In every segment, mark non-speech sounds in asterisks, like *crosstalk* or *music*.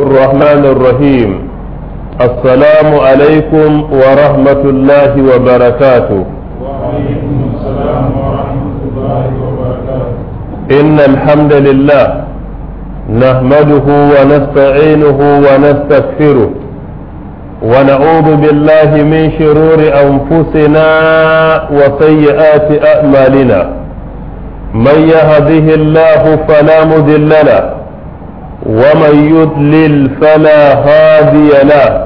الرحمن الرحيم السلام عليكم ورحمة الله وبركاته وعليكم السلام ورحمة الله وبركاته إن الحمد لله نحمده ونستعينه ونستغفره ونعوذ بالله من شرور أنفسنا وسيئات أعمالنا من يهده الله فلا مضل له ومن يضلل فلا هادي له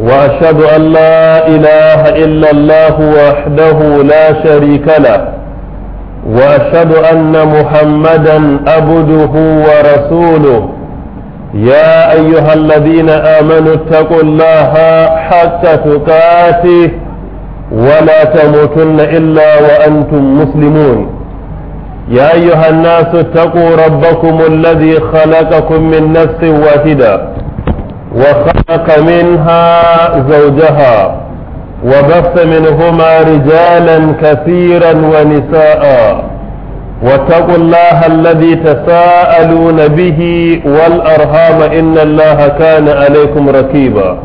واشهد ان لا اله الا الله وحده لا شريك له واشهد ان محمدا عبده ورسوله يا ايها الذين امنوا اتقوا الله حتى تقاته ولا تموتن الا وانتم مسلمون يا أيها الناس اتقوا ربكم الذي خلقكم من نفس واحدة وخلق منها زوجها وبث منهما رجالا كثيرا ونساء واتقوا الله الذي تساءلون به والأرهام إن الله كان عليكم ركيبا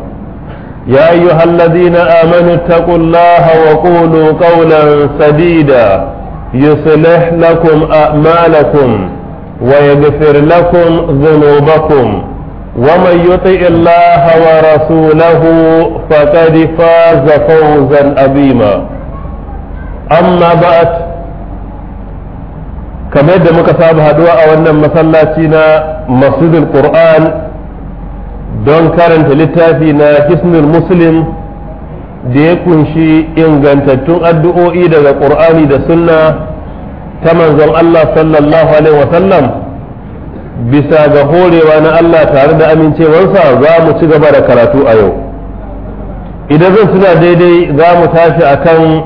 يا أيها الذين آمنوا اتقوا الله وقولوا قولا سديدا يصلح لكم أعمالكم ويغفر لكم ذنوبكم ومن يطع الله ورسوله فقد فاز فوزا عظيما أما بعد kamar da muka saba haduwa a wannan masallaci na masjidul don karanta littafi na hisnul muslim da ya kunshi ingantattun addu'o'i daga ƙur'ani da sunna ta manzon Allah sallallahu alaihi wasallam bisa ga horewa na Allah tare da amincewarsa za mu ci gaba da karatu a yau idan zan suna daidai za mu tashi akan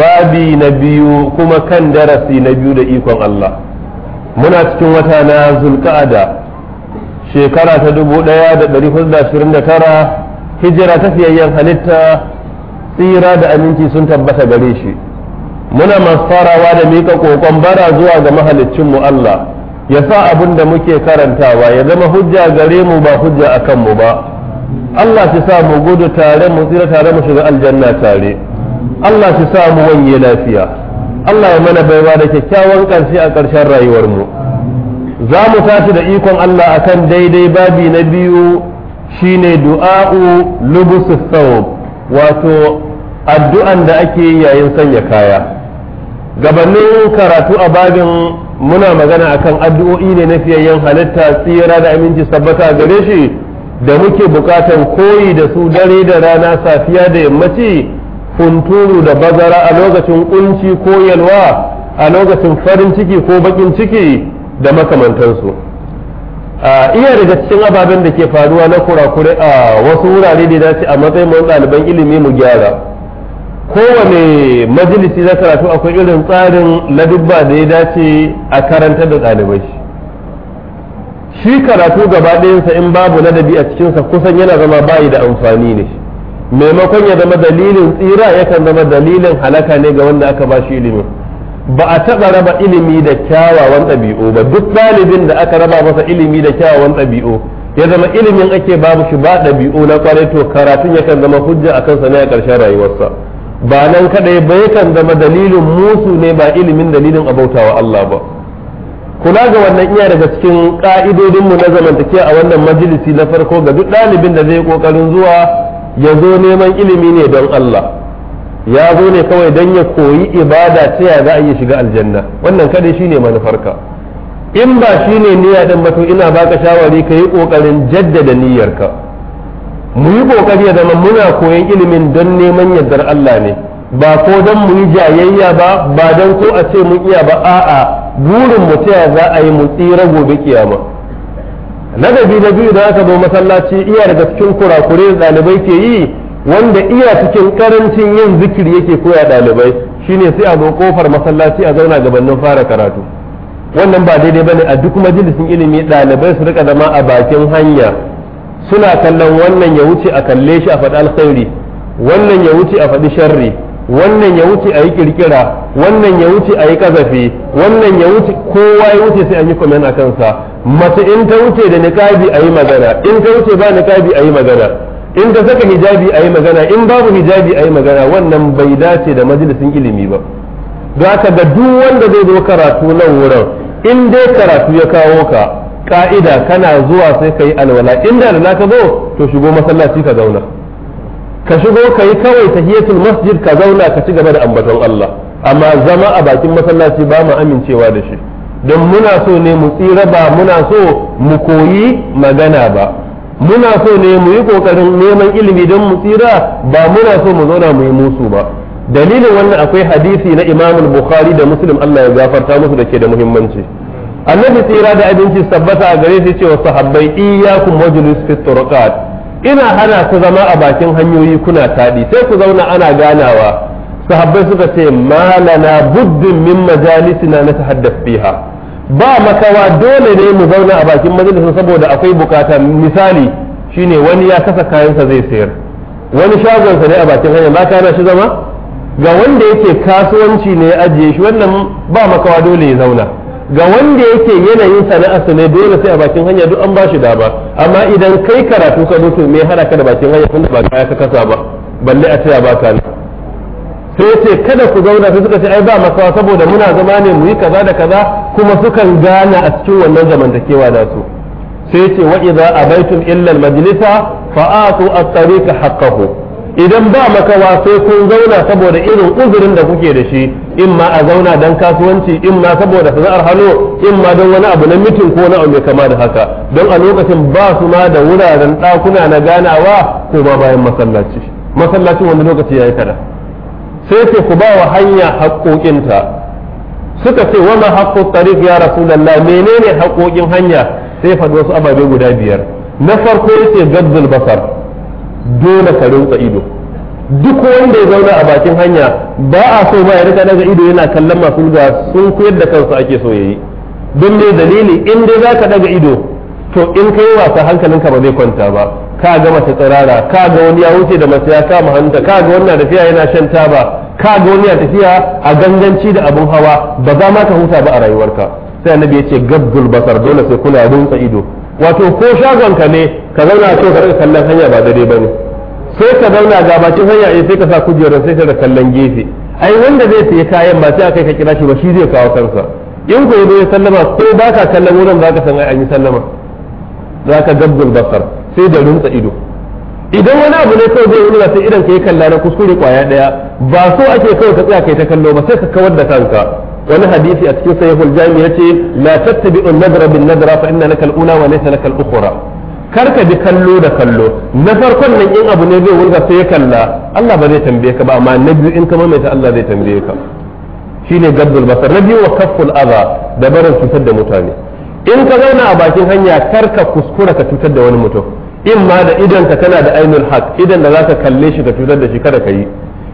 babi na biyu kuma kan darasi na biyu da ikon Allah muna cikin wata na zulka'ada shekara ta tara hijira ta fiyayyen halitta tsira da aminci sun tabbata gare shi muna masu farawa da mika kokon bara zuwa ga mahaliccin Allah ya sa abin da muke karantawa ya zama hujja gare mu ba hujja a kanmu ba Allah shi sa mu gudu tare mu tsira tare mu shiga aljanna tare Allah shi sa mu wanye lafiya Allah ya mana baiwa da kyakkyawan ƙarshe a ƙarshen rayuwar mu za mu tashi da ikon Allah akan daidai babi na biyu shine du'a'u lubusus thawb wato addu'an da ake yi yayin sanya kaya gabanin karatu a babin muna magana akan addu'o'i ne na fiyayyen halitta tsira da aminci sabbata gare shi da muke bukatan koyi da su dare da rana safiya da yammaci funturu da bazara a lokacin kunci ko yalwa a lokacin farin ciki ko bakin ciki da makamantansu a iya daga cikin ababen da ke faruwa na kurakure a wasu wurare da ya dace a matsayin ɗaliban ilimi mu gyara kowane majalisi na karatu akwai irin tsarin ladubba da ya dace a karantar da ɗalibai shi karatu gaba ɗayansa in babu ladabi a cikinsa kusan yana zama bayi da amfani ne maimakon ya zama dalilin tsira yakan zama dalilin halaka ne ga wanda aka ba shi ilimi ba a taɓa raba ilimi da kyawawan ɗabi'u ba duk ɗalibin da aka raba masa ilimi da kyawawan ɗabi'u ya zama ilimin ake babu shi ba ɗabi'u na ƙwarai to karatun yakan zama hujja a kansa ne a ƙarshen rayuwarsa ba nan kadai ba yakan zama dalilin musu ne ba ilimin dalilin abautawa Allah ba kula ga wannan iya daga cikin ka'idodin mu na zamantakewa a wannan majalisi na farko ga duk ɗalibin da zai kokarin zuwa ya zo neman ilimi ne don Allah ya zo ne kawai don ya koyi ibada ta ya za a iya shiga aljanna wannan kadai shine manufarka in ba shine niyya din ba to ina baka shawari ka yi kokarin jaddada niyyarka mu yi kokari da zama muna koyon ilimin don neman yardar Allah ne ba ko don mu yi jayayya ba ba don ko a ce mun iya ba a'a burin mu ta za a yi mu tsira gobe kiyama ladabi na biyu da aka zo masallaci iya daga cikin kurakure ɗalibai ke yi wanda iya cikin karancin yin zikiri yake koya ɗalibai shine sai a zo kofar masallaci a zauna gabanin fara karatu wannan ba daidai bane a duk majalisin ilimi ɗalibai su rika zama a bakin hanya suna kallon wannan ya wuce a kalle shi a faɗi alkhairi wannan ya wuce a faɗi sharri wannan ya wuce a yi kirkira wannan ya wuce a yi kazafi wannan ya wuce kowa ya wuce sai an yi komen a kansa mace in ta wuce da niqabi a yi magana in ta wuce ba niqabi a yi magana in ta saka hijabi a yi magana in babu hijabi a yi magana wannan bai dace da majalisin ilimi ba don haka ga duk wanda zai zo karatu nan wurin in dai karatu ya kawo ka ka'ida kana zuwa sai ka yi alwala inda alwala ka zo to shigo masallaci ka zauna ka shigo ka yi kawai tahiyatul masjid ka zauna ka ci gaba da ambaton Allah amma zama a bakin masallaci ba mu amincewa da shi don muna so ne mu tsira ba muna so mu koyi magana ba muna so ne mu yi kokarin neman ilimi don mu tsira ba muna so mu zauna mu yi musu ba dalilin wannan akwai hadisi na imamul bukhari da muslim Allah ya gafarta musu da ke da muhimmanci annabi tsira da abinci tabbata a gare shi cewa sahabbai iyyakum majlis fi turqat ina hana ku zama a bakin hanyoyi kuna tadi sai ku zauna ana ganawa sahabbai suka ce malana buddin min majalisina na tahaddath fiha ba makawa dole ne mu zauna a bakin majalisin saboda akwai bukata misali shine wani ya kasa kayansa zai sayar wani shagonsa ne a bakin hanya ba ka shi zama ga wanda yake kasuwanci ne ya ajiye shi wannan ba makawa dole ya zauna ga wanda yake yanayin sana'arsa ne dole sai a bakin hanya duk an ba shi dama amma idan kai karatu ka mutu me hana ka da bakin hanya tunda ba kaya ka kasa ba balle a taya baka ne sai ce kada ku zauna sai suka ce ai ba masawa saboda muna zama ne mu yi kaza da kaza kuma sukan gana a cikin wannan zamantakewa da su. sai ce wa idza abaitum illa al majlisa fa atu at-tariqa haqqahu idan ba makawa sai kun zauna saboda irin uzurin da kuke da shi in ma a zauna don kasuwanci in ma saboda sana'ar hannu in ma don wani abu na mitin ko na mai kama da haka don a lokacin ba su ma da wuraren ɗakuna na ganawa ko ma bayan masallaci masallacin wani lokaci ya yi kada sai ce ku ba wa hanya haƙoƙinta suka ce wani haƙƙo tarif ya rasulallah menene haƙoƙin hanya sai faɗi wasu ababe guda biyar na farko yace gadzul basar dole ka rinsa ido duk wanda ya zauna a bakin hanya ba a so ba ya rika daga ido yana kallon masu ga sun koyar da kansu ake so yayi don dai dalili in dai za ka daga ido to in kai wasa hankalinka ba zai kwanta ba ka ga mace tsirara ka ga wani ya wuce da mace ya kama hanta ka ga wannan tafiya yana shan taba ka ga wani ya tafiya a ganganci da abun hawa ba za ma ka huta ba a rayuwarka sai annabi ya ce gabgul basar dole sai kula rinsa ido wato ko shagonka ne ka zauna a tofar ka kallon hanya ba daidai ba ne sai ka zauna ga bakin hanya a sai ka sa kujerar sai ka da kallon gefe ai wanda zai saya kayan ba sai a kai ka kira shi ba shi zai kawo kansa in ko ya sallama ko ba ka kallon wurin za ka san an yi sallama za ka gabgul basar sai da runtsa ido idan wani abu ne kawai zai yi sai idan ka yi kalla na kuskure kwaya daya ba so ake kawai ka tsaya kai ta kallo ba sai ka kawar da kanka wani hadisi a cikin sahihul jami'a ce la tattabi'un nadra bin nadra fa inna lakal ula wa laysa lakal ukhra kar ka bi kallo da kallo na farkon nan in abu ne zai wurga sai ya kalla Allah ba zai tambaye ka ba amma na biyu in ka mamaita Allah zai tambaye ka shine gaddul basar na biyu wa kafful adha da barin cutar da mutane in ka zauna a bakin hanya kar ka kuskura ka cutar da wani mutum in ma da idan ka kana da ainul haq idan da zaka kalle shi ka cutar da shi kada ka yi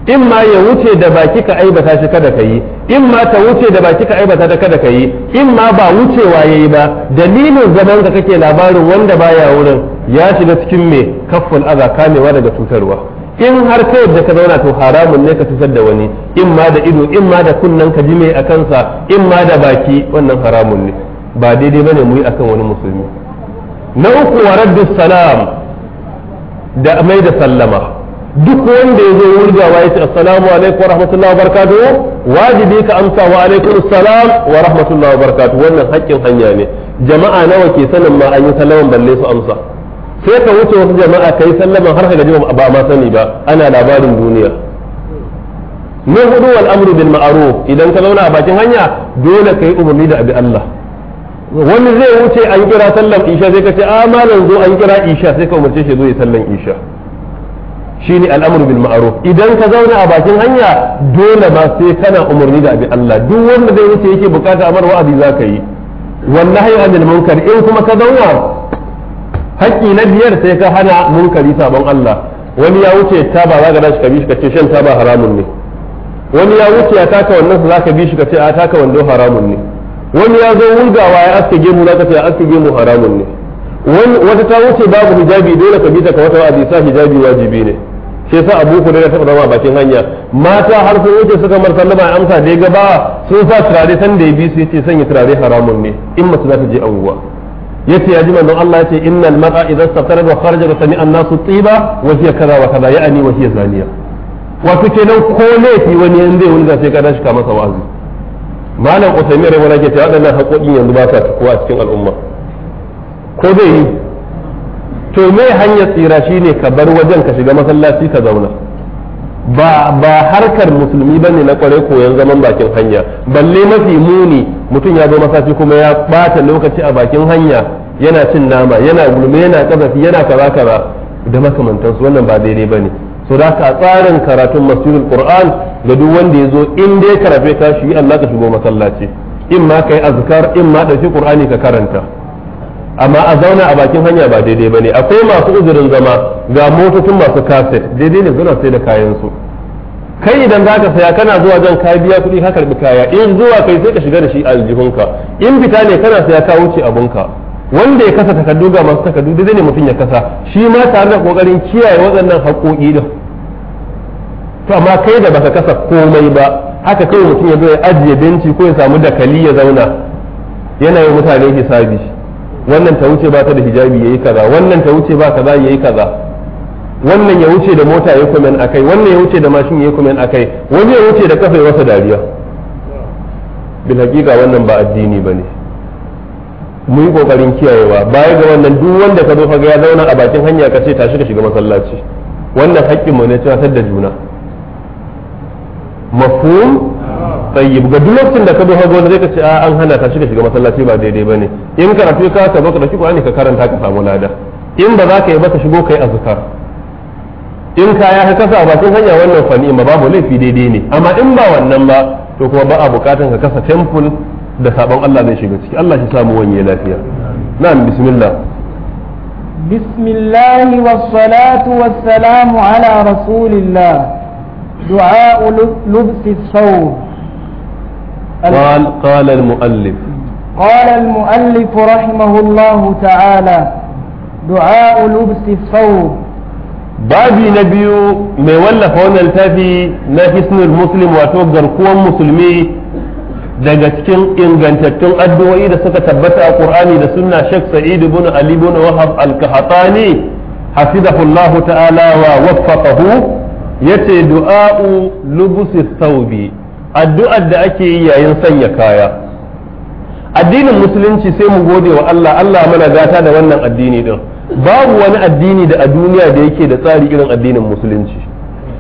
in ma ya wuce da baki ka aibata shi kada ka yi in ma ta wuce da baki ka aibata ta kada ka yi in ma ba wucewa yayi ba dalilin zaman ka kake labarin wanda baya wurin ya shiga cikin me kafful aza kamewa daga cutarwa in har ka yadda ka zauna to haramun ne ka cutar da wani in ma da ido in ma da kunnen ka ji me a kansa in ma da baki wannan haramun ne ba daidai bane mu yi akan wani musulmi na uku wa salam da mai da sallama duk wanda ya zo wurgawa ya ce assalamu alaikum wa rahmatullahi wa barakatuhu wajibi ka amsa wa alaikum assalam wa rahmatullahi wa barakatuhu wannan haƙƙin hanya ne jama'a nawa ke sanin ma an yi sallaman balle su amsa sai ka wuce wasu jama'a ka yi sallaman har ka gaji ba ma sani ba ana labarin duniya min hudu wal amru bil ma'ruf idan ka zauna a bakin hanya dole ka yi umarni da abi Allah wani zai wuce an kira sallan isha sai ka ce a ah, malam zo an kira isha sai ka umarce shi zo ya sallan isha shine al'amru bil ma'ruf idan ka zauna a bakin hanya dole ma sai kana umarni da abin Allah duk wanda zai wuce yake bukata amar wa'azi zaka yi wallahi anil munkar in kuma ka zauna haƙƙi na biyar sai ka hana munkari sabon Allah wani ya wuce taba za ka dashi ka bi shi ka ce shan taba haramun ne wani ya wuce ya taka wannan za ka bi shi ka ce a taka wando haramun ne wani ya zo wulgawa ya aske gemu za ka ce a aske gemu haramun ne wata ta wuce babu hijabi dole ka bi ta ka wata wa'azi sa hijabi wajibi ne shi sa Abu Hurairah taɓa zama bakin hanya mata har sun suka mar sallama a amsa da ya gaba sun sa turare san da ya bi su yace sanya turare haramun ne in mace za ta je anguwa yace ya ji manzon Allah yace innal mar'a idza satara wa kharaja wa sami'a an-nasu tiba wa hiya kaza wa kaza ya'ani wa hiya zaniya wato kenan ko laifi wani yan zai wani zai ka dashi ka masa wa'azi malam Uthaymeen rai wala ke ta wadannan haƙoƙin yanzu ba sa tukuwa a cikin al'umma ko zai yi to me hanyar tsira shi ne ka bar wajen ka shiga masallaci ka zauna ba ba harkar musulmi ne na kware koyon zaman bakin hanya balle mafi muni mutum ya zo masallaci kuma ya bata lokaci a bakin hanya yana cin nama yana gulme yana kazafi yana kaza kaza da makamantansu wannan ba daidai bane so da ka tsarin karatun masjidul qur'an ga duk wanda ya zo in dai karafe ka shi Allah ka shigo masallaci in ma kai azkar in ma dauki qur'ani ka karanta amma a zauna a bakin hanya ba daidai ba ne akwai masu uzurin zama ga motocin masu kaset daidai ne suna sai da kayan kai idan za ka saya kana zuwa jan ka biya kuɗi ka karbi kaya in zuwa kai sai ka shiga da shi a aljihunka in fita ne kana saya ka wuce abunka wanda ya kasa takardu ga masu takardu daidai ne mutum ya kasa shi ma tare da kokarin kiyaye waɗannan haƙoƙi din to amma kai da baka kasa komai ba haka kawai mutum ya zo ya ajiye benci ko ya samu dakali ya zauna yana yi mutane hisabi wannan ta wuce ba ta da hijabi yayi kaza wannan ta wuce ba kaza yayi kaza wannan ya wuce da mota ya a akai wannan ya wuce da mashin ya a akai wani ya wuce da kafa ya wasa dariya bil hakika wannan ba addini bane mu yi kokarin kiyayewa baya ga wannan duk wanda ka zo ka ga ya zauna a bakin hanya ka ce tashi ka shiga masallaci wannan haƙƙin mu ne cewa da juna mafhum tayyib ga duk lokacin da ka zo hago zai ka ce a an hana ta shiga shiga masallaci ba daidai bane in karatu ka ka zo ka dauki Qur'ani ka karanta ka samu lada in ba za ka yi ba ka shigo kai azkar in kaya ka kasa ba sun hanya wannan fani ma babu laifi daidai ne amma in ba wannan ba to kuma ba a bukatan ka kasa temple da sabon Allah zai shiga ciki Allah shi samu wani lafiya na'am bismillah بسم الله والصلاة والسلام على رسول الله دعاء لبس الثوب قال قال المؤلف قال المؤلف رحمه الله تعالى babi na biyu mai wallafa wannan littafi na hisnul muslim wato garkuwar musulmi daga cikin ingantattun addu'o'i da suka tabbata a qur'ani da sunna shek sa'id ibn ali ibn wahab al-qahtani hafizahullahu ta'ala wa waffaqahu yace du'a'u lubusi thawbi addu'ar da ake yi yayin sanya kaya addinin musulunci sai mu gode wa Allah Allah mana gata da wannan addini din babu wani addini da a duniya da yake da tsari irin addinin musulunci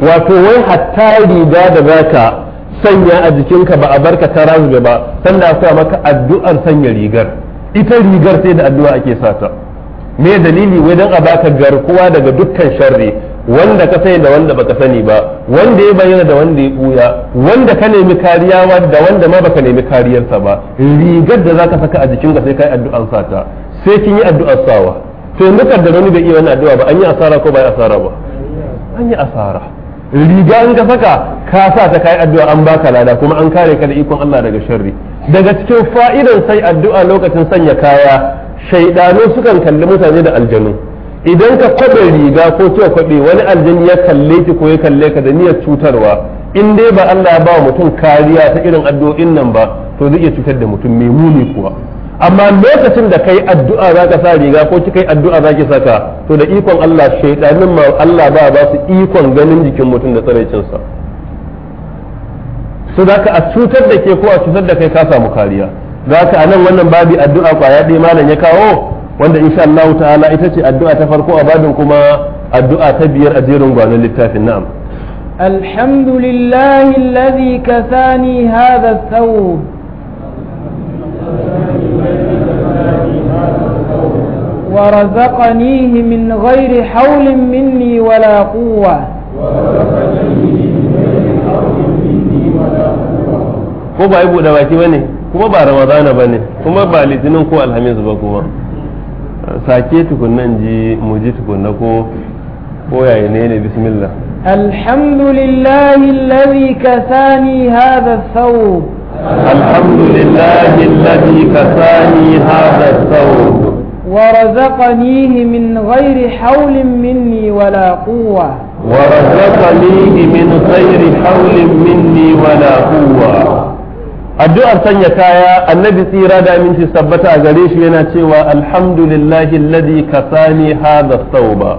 wato wai hatta riga da zaka sanya a jikinka ba a barka ta razube ba sanda aka maka addu'ar sanya rigar ita rigar sai da addu'a ake sata me dalili wai dan a baka garkuwa daga dukkan sharri wanda ka sani da wanda baka sani ba wanda ya bayyana da wanda ya buya wanda ka nemi kariya da wanda ma baka nemi kariyarsa ba rigar da zaka saka a jikin ka sai kai addu'an sata sai kin yi addu'ar sawa to yanzu da wani bai iya wannan addu'a ba an yi asara ko bai asara ba an yi asara riga an ka saka ka sa ta kai addu'a an baka lada kuma an kare ka da ikon Allah daga sharri daga cikin fa'idan sai addu'a lokacin sanya kaya shaidanu sukan kalli mutane da aljanu idan ka kwabe riga ko cewa kwaɓe, wani aljani ya kalle ki ko ya kalle ka da niyyar cutarwa in dai ba Allah ba ba mutum kariya ta irin addu'o'in nan ba to zai iya cutar da mutum mai muni kuwa amma lokacin da kai addu'a za ka sa riga ko kai addu'a za ki saka to da ikon Allah shaidanin ma Allah ba ba su ikon ganin jikin mutum da tsaraicin sa su za ka a cutar da ke ko a cutar da kai ka samu kariya za ka a nan wannan babi addu'a kwaya ɗaya malam ya kawo wanda insha Allah ta'ala ita ce addu'a ta farko a babin kuma addu'a ta biyar a jerin gwanon littafin na'am alhamdulillahi alladhi kasani hadha هذا الثوب ورزقنيه من غير حول مني ولا قوة ko ba yi buɗe baki ba ne kuma ba ramadana ba ne kuma ba litinin ko alhamis ba kuma sake tukunan ji mu ji tukunna ko koyaye ne ne bismillah alhamdulillahi alladhi kasani hadha thawb alhamdulillahi alladhi kasani hadha thawb ورزقنيه من غير حول مني ولا قوة ورزقنيه من غير حول مني ولا قوة addu'ar sanya kaya annabi tsira da aminci sabbata a gare shi yana cewa alhamdulillahi alladhi kasani hadha sauba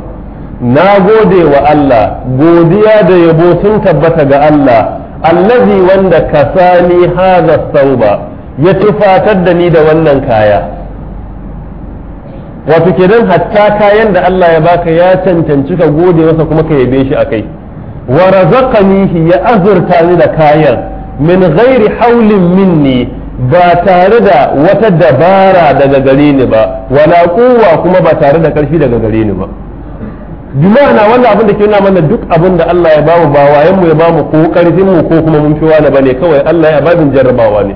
na gode wa Allah godiya da yabo sun tabbata ga Allah allazi wanda kasani hadha sauba ya tufatar da ni da wannan kaya wato kenan hatta kayan da Allah ya baka ya cancanci ka gode masa kuma ka yabe shi akai wa razaqanihi ya azurta ni da kayan min ghairi haulin minni ba tare da wata dabara daga gare ni ba wala quwwa kuma ba tare da karfi daga gare ni ba jumana wanda abin da ke nuna mana duk abin da Allah ya bamu ba wayan mu ya bamu ko karfin mu ko kuma mun fi wani ne kawai Allah ya babin jarrabawa ne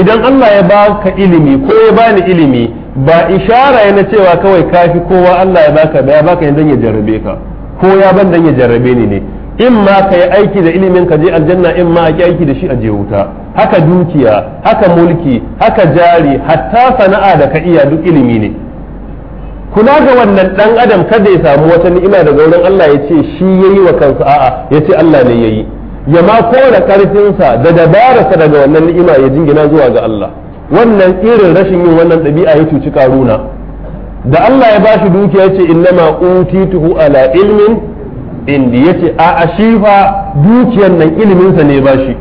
idan Allah ya baka ilimi ko ya bani ilimi ba ishara yana cewa kawai kafi kowa Allah ya baka ba ya baka yanzu ya jarrabe ka ko ya ban dan ya jarrabe ni ne in ma ka yi aiki da ilimin ka je aljanna in ma ki aiki da shi a je wuta haka dukiya haka mulki haka jari hatta sana'a da ka iya duk ilimi ne kula ga wannan dan adam kada ya samu wata ni'ima daga wurin Allah ya ce shi yayi wa kansa a'a ya ce Allah ne yayi ya ma kora karfinsa da dabararsa daga wannan ni'ima ya jingina zuwa ga Allah wannan irin rashin yin wannan ɗabi'a ya cuci karuna da Allah ya bashi dukiya ce innama utituhu ala ilmin indi yace a ashifa dukiyar nan iliminsa sa ne bashi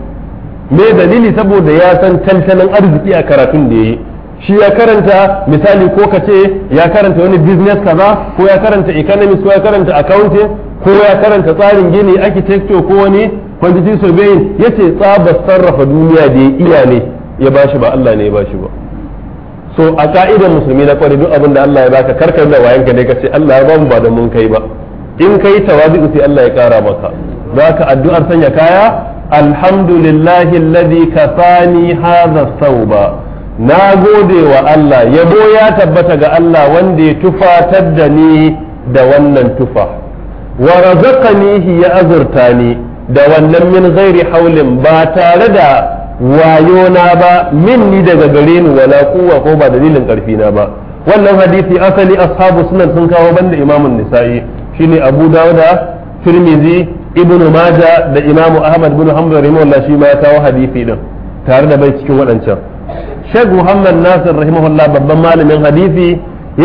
me dalili saboda ya san tantanin arziki a karatun da yayi shi ya karanta misali ko ka ce ya karanta wani business kaza ko ya karanta economics ko ya karanta accounting ko ya karanta tsarin gini architecture ko wani quantity surveying yace tsabar sarrafa duniya da ya iya ne ya bashi ba Allah ne ya bashi ba so a ka'idar musulmi na kwari duk abin Allah ya baka karkar da wayanka ne ka ce Allah ya bamu ba da mun kai ba in kai tawazu sai Allah ya kara maka zaka addu'ar sanya kaya alhamdulillahi alladhi kasani hadha sauba na gode wa Allah yabo ya tabbata ga Allah wanda ya tufatar da ni da wannan tufa wa razaqanihi ya azurta ni da wannan min ghairi haulin ba tare da wayo na ba minni daga gare ni wala kuwa ko ba dalilin karfi na ba wannan hadisi asali ashabu sunan sun kawo banda imamun nisa'i shine abu dauda tirmizi ibnu maja da imamu ahmad bin hanbal rahimahullah shi ma ya kawo hadisi din tare da bai cikin waɗancan sheikh muhammad nasir rahimahullah babban malamin hadisi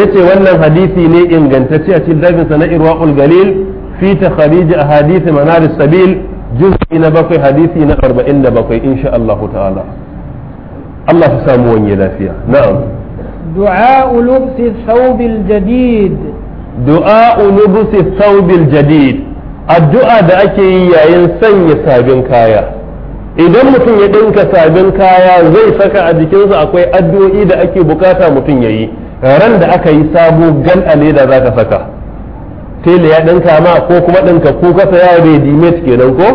yace wannan hadisi ne ingantacce a cikin dafin sana irwaul galil fi takhrij ahadith manar sabil juz'i na bakwai hadisi na 47 insha Allah ta'ala Allah ya samu wani lafiya na'am du'a lubsi thawb al-jadid du'a ulubusi saubil jadid addu'a da ake yi yayin sanya sabin kaya idan mutum ya dinka sabin kaya zai saka a jikinsa akwai addu'o'i da ake bukata mutum ya yi ran da aka yi sabo gan a za ka saka tele ya dinka ma ko kuma dinka ko ka saya ready kenan ko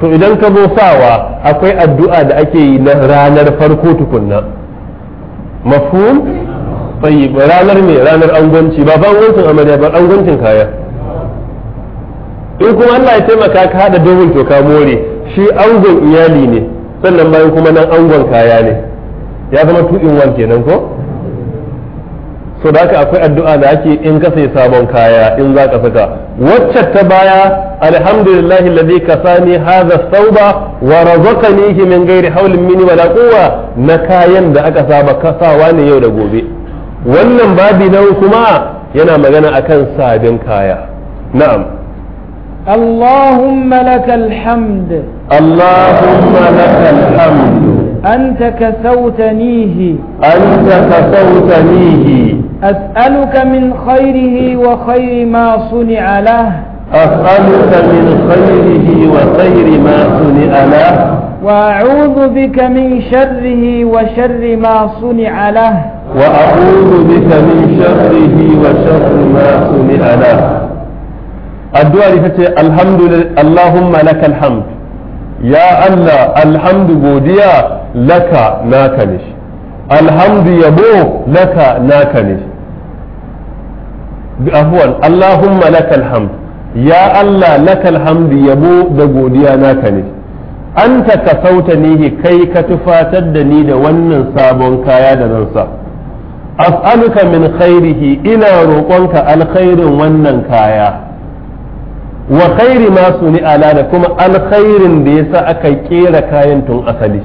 to idan ka zo sawa akwai addu'a da ake yi na ranar farko tukunna mafhum tayyib ranar ne ranar angonci ba ba angoncin amarya ba angoncin kaya in kuma Allah ya taimaka ka haɗa dogon to ka more shi angon iyali ne sannan bayan kuma nan angon kaya ne ya zama two in one kenan ko so da haka akwai addu'a da ake in ka sai sabon kaya in za ka saka wacce ta baya alhamdulillah alladhi kasani hadha thawba wa razaqanihi min ghairi hawlin minni wala quwwa na kayan da aka saba kasawa ne yau da gobe wannan babi nan kuma yana magana akan sabin kaya na'am اللهم لك الحمد اللهم لك الحمد أنت كسوتنيه أنت كسوتنيه أسألك من خيره وخير ما صنع له أسألك من خيره وخير ما صنع له وأعوذ بك من شره وشر ما صنع له وأعوذ بك من شره وشر ما صنع له الدعاء لفتح الحمد لله اللهم لك الحمد يا الله الحمد بوديا لك ناكنش الحمد يبو لك ناكنش afuwan Allahumma lakal hamd ya Allah lakal hamd yabo da godiya naka ne an ta kasauta nihi kai ka tufatar da ni da wannan sabon kaya da zan sa as'aluka min khairihi ina roƙonka alkhairin wannan kaya wa khairi ma suni ala da kuma alkhairin da yasa aka kera kayan tun asali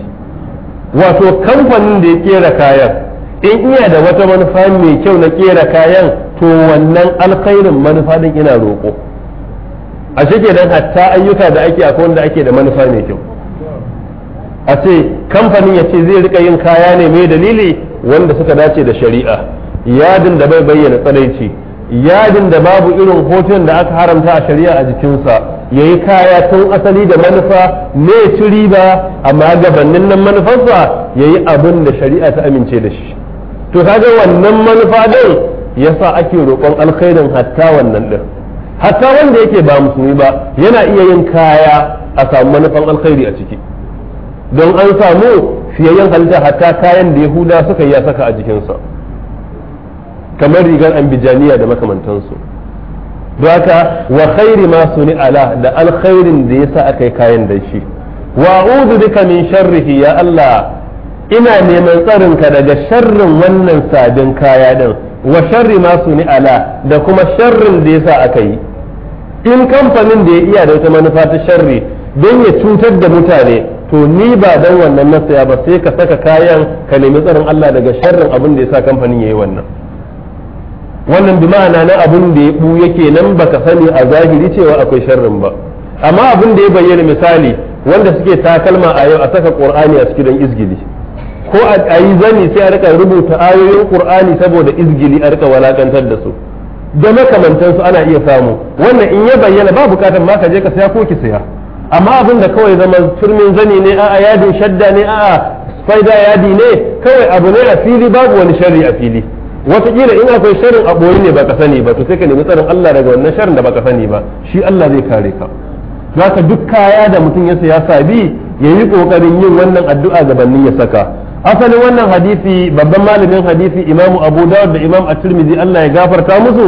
wato kamfanin da ya kera kayan in iya da wata manufa mai kyau na kera kayan to wannan alkhairin manufa din ina roƙo a shi dan hatta ayyuka da ake akwai wanda ake da manufa mai kyau a ce kamfanin ya ce zai rika yin kaya ne mai dalili wanda suka dace da shari'a yadin da bai bayyana tsanaici yadin da babu irin hoton da aka haramta a shari'a a jikinsa ya yi kaya tun asali da manufa ne ci riba amma gabanin nan manufarsa ya yi abin da shari'a ta amince da shi to kaga wannan manufa din yasa ake roƙon alkhairin hatta wannan ɗin hatta wanda yake ba musulmi ba yana iya yin kaya a samu manufan alkhairi a ciki don an samu fiyayyen halitta hatta kayan da yahuda suka ya saka a jikinsa kamar rigar ambijaniya da makamantansu don haka wa khairi ma suni ala da alkhairin da ya sa aka yi kayan da shi wa udu duka min sharrihi ya Allah ina neman tsarinka daga sharrin wannan sabin kaya din wa sharri ma suni ala da kuma sharrin da ya sa aka yi in kamfanin da ya iya da wata manufa ta sharri don ya cutar da mutane to ni ba dan wannan na ba sai ka saka kayan ka nemi tsarin Allah daga sharrin abin da ya sa kamfanin yayi wannan wannan bi ma'ana na abin da ya bu yake nan baka sani a zahiri cewa akwai sharrin ba amma abin da ya bayyana misali wanda suke takalma a yau a saka qur'ani a cikin izgili ko a yi zani sai a rika rubuta ayoyin qur'ani saboda izgili a rika walakantar da su da makamantansu ana iya samu wannan in ya bayyana ba bukatar ma ka je ka saya ko ki saya amma abin da kawai zama turmin zani ne a'a yadin shadda ne a faida yadi ne kawai abu ne a fili babu wani sharri a fili watakila in akwai sharrin a ne baka sani ba to sai ka nemi tsarin Allah daga wannan sharrin da baka sani ba shi Allah zai kare ka zaka duk kaya da mutum ya saya sabi ya yi ƙoƙarin yin wannan addu'a gabanin ya saka asalin wannan hadisi babban malamin hadisi imam abu dawud da imam at-tirmidhi Allah ya gafarta musu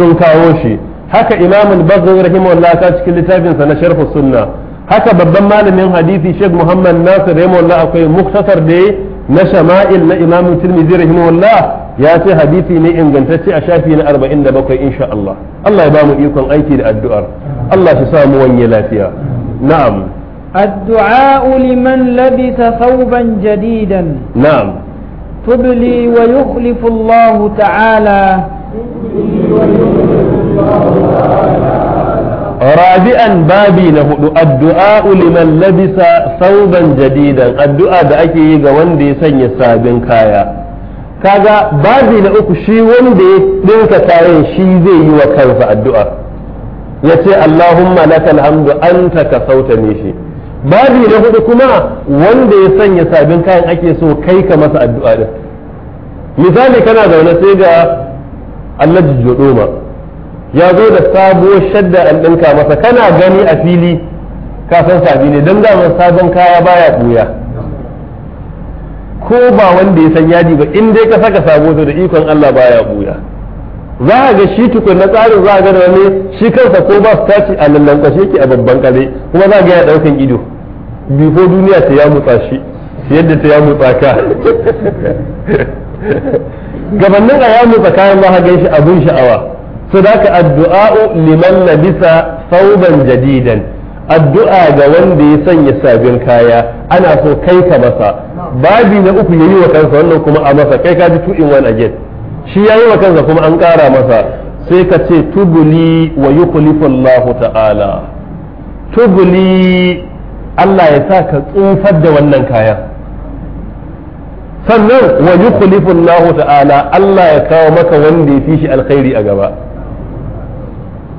sun kawo shi haka imam al-bazzawi rahimahullah ta cikin littafin sa na sharh sunna haka babban malamin hadisi sheikh muhammad nasir rahimahullah akwai muktasar da na shama'il na imam tirmidhi rahimahullah ya ce hadisi ne ingantacce a shafi na 47 insha Allah Allah ya ba mu ikon aiki da addu'ar Allah shi sa mu wanye lafiya na'am addu'a liman labisa thawban jadidan na'am tubli wa yukhlifu Allah ta'ala rabi'an babi na hudu addu'a لبس labisa sauban الدعاء addu'a da ake yi ga wanda ya sanya sabin kaya kaga babi na uku shi wanda ya dinka kayan shi zai yi wa kansa addu'a ya ce allahumma lakal hamdu anta ka sauta ne shi babi na hudu kuma wanda ya sanya sabin kayan ake so kai ka masa addu'a din misali kana zaune sai ga allah jodoma ya zo da sabuwar shadda alɗinka masa kana gani a fili ka san sabi ne don daman sabon kaya baya ɓuya ko ba wanda ya san yadi ba in dai ka saka sabo to da ikon Allah baya ɓuya za a ga shi tukun na tsarin za a ga da wani shi kansa ko ba su tashi a lallankwashe ki a babban kare kuma za a ga ya ɗaukan ido bifo duniya ta ya mutsa shi yadda ta ya mutsa ka *laughs* gabanin a ya mutsa kayan ba ha gan shi abun sha'awa so da ka addu'a liman labisa sauban jadidan addu'a ga wanda ya sanya sabin kaya ana so kai ka masa babi na uku yayi wa kansa wannan kuma a masa kai ka ji two in one again shi yayi wa kansa kuma an kara masa sai ka ce tubuli wa yukhlifu Allah ta'ala tubuli Allah ya sa ka tsufar da wannan kaya sannan wa yukhlifu Allah ta'ala Allah ya kawo maka wanda ya fi shi alkhairi a gaba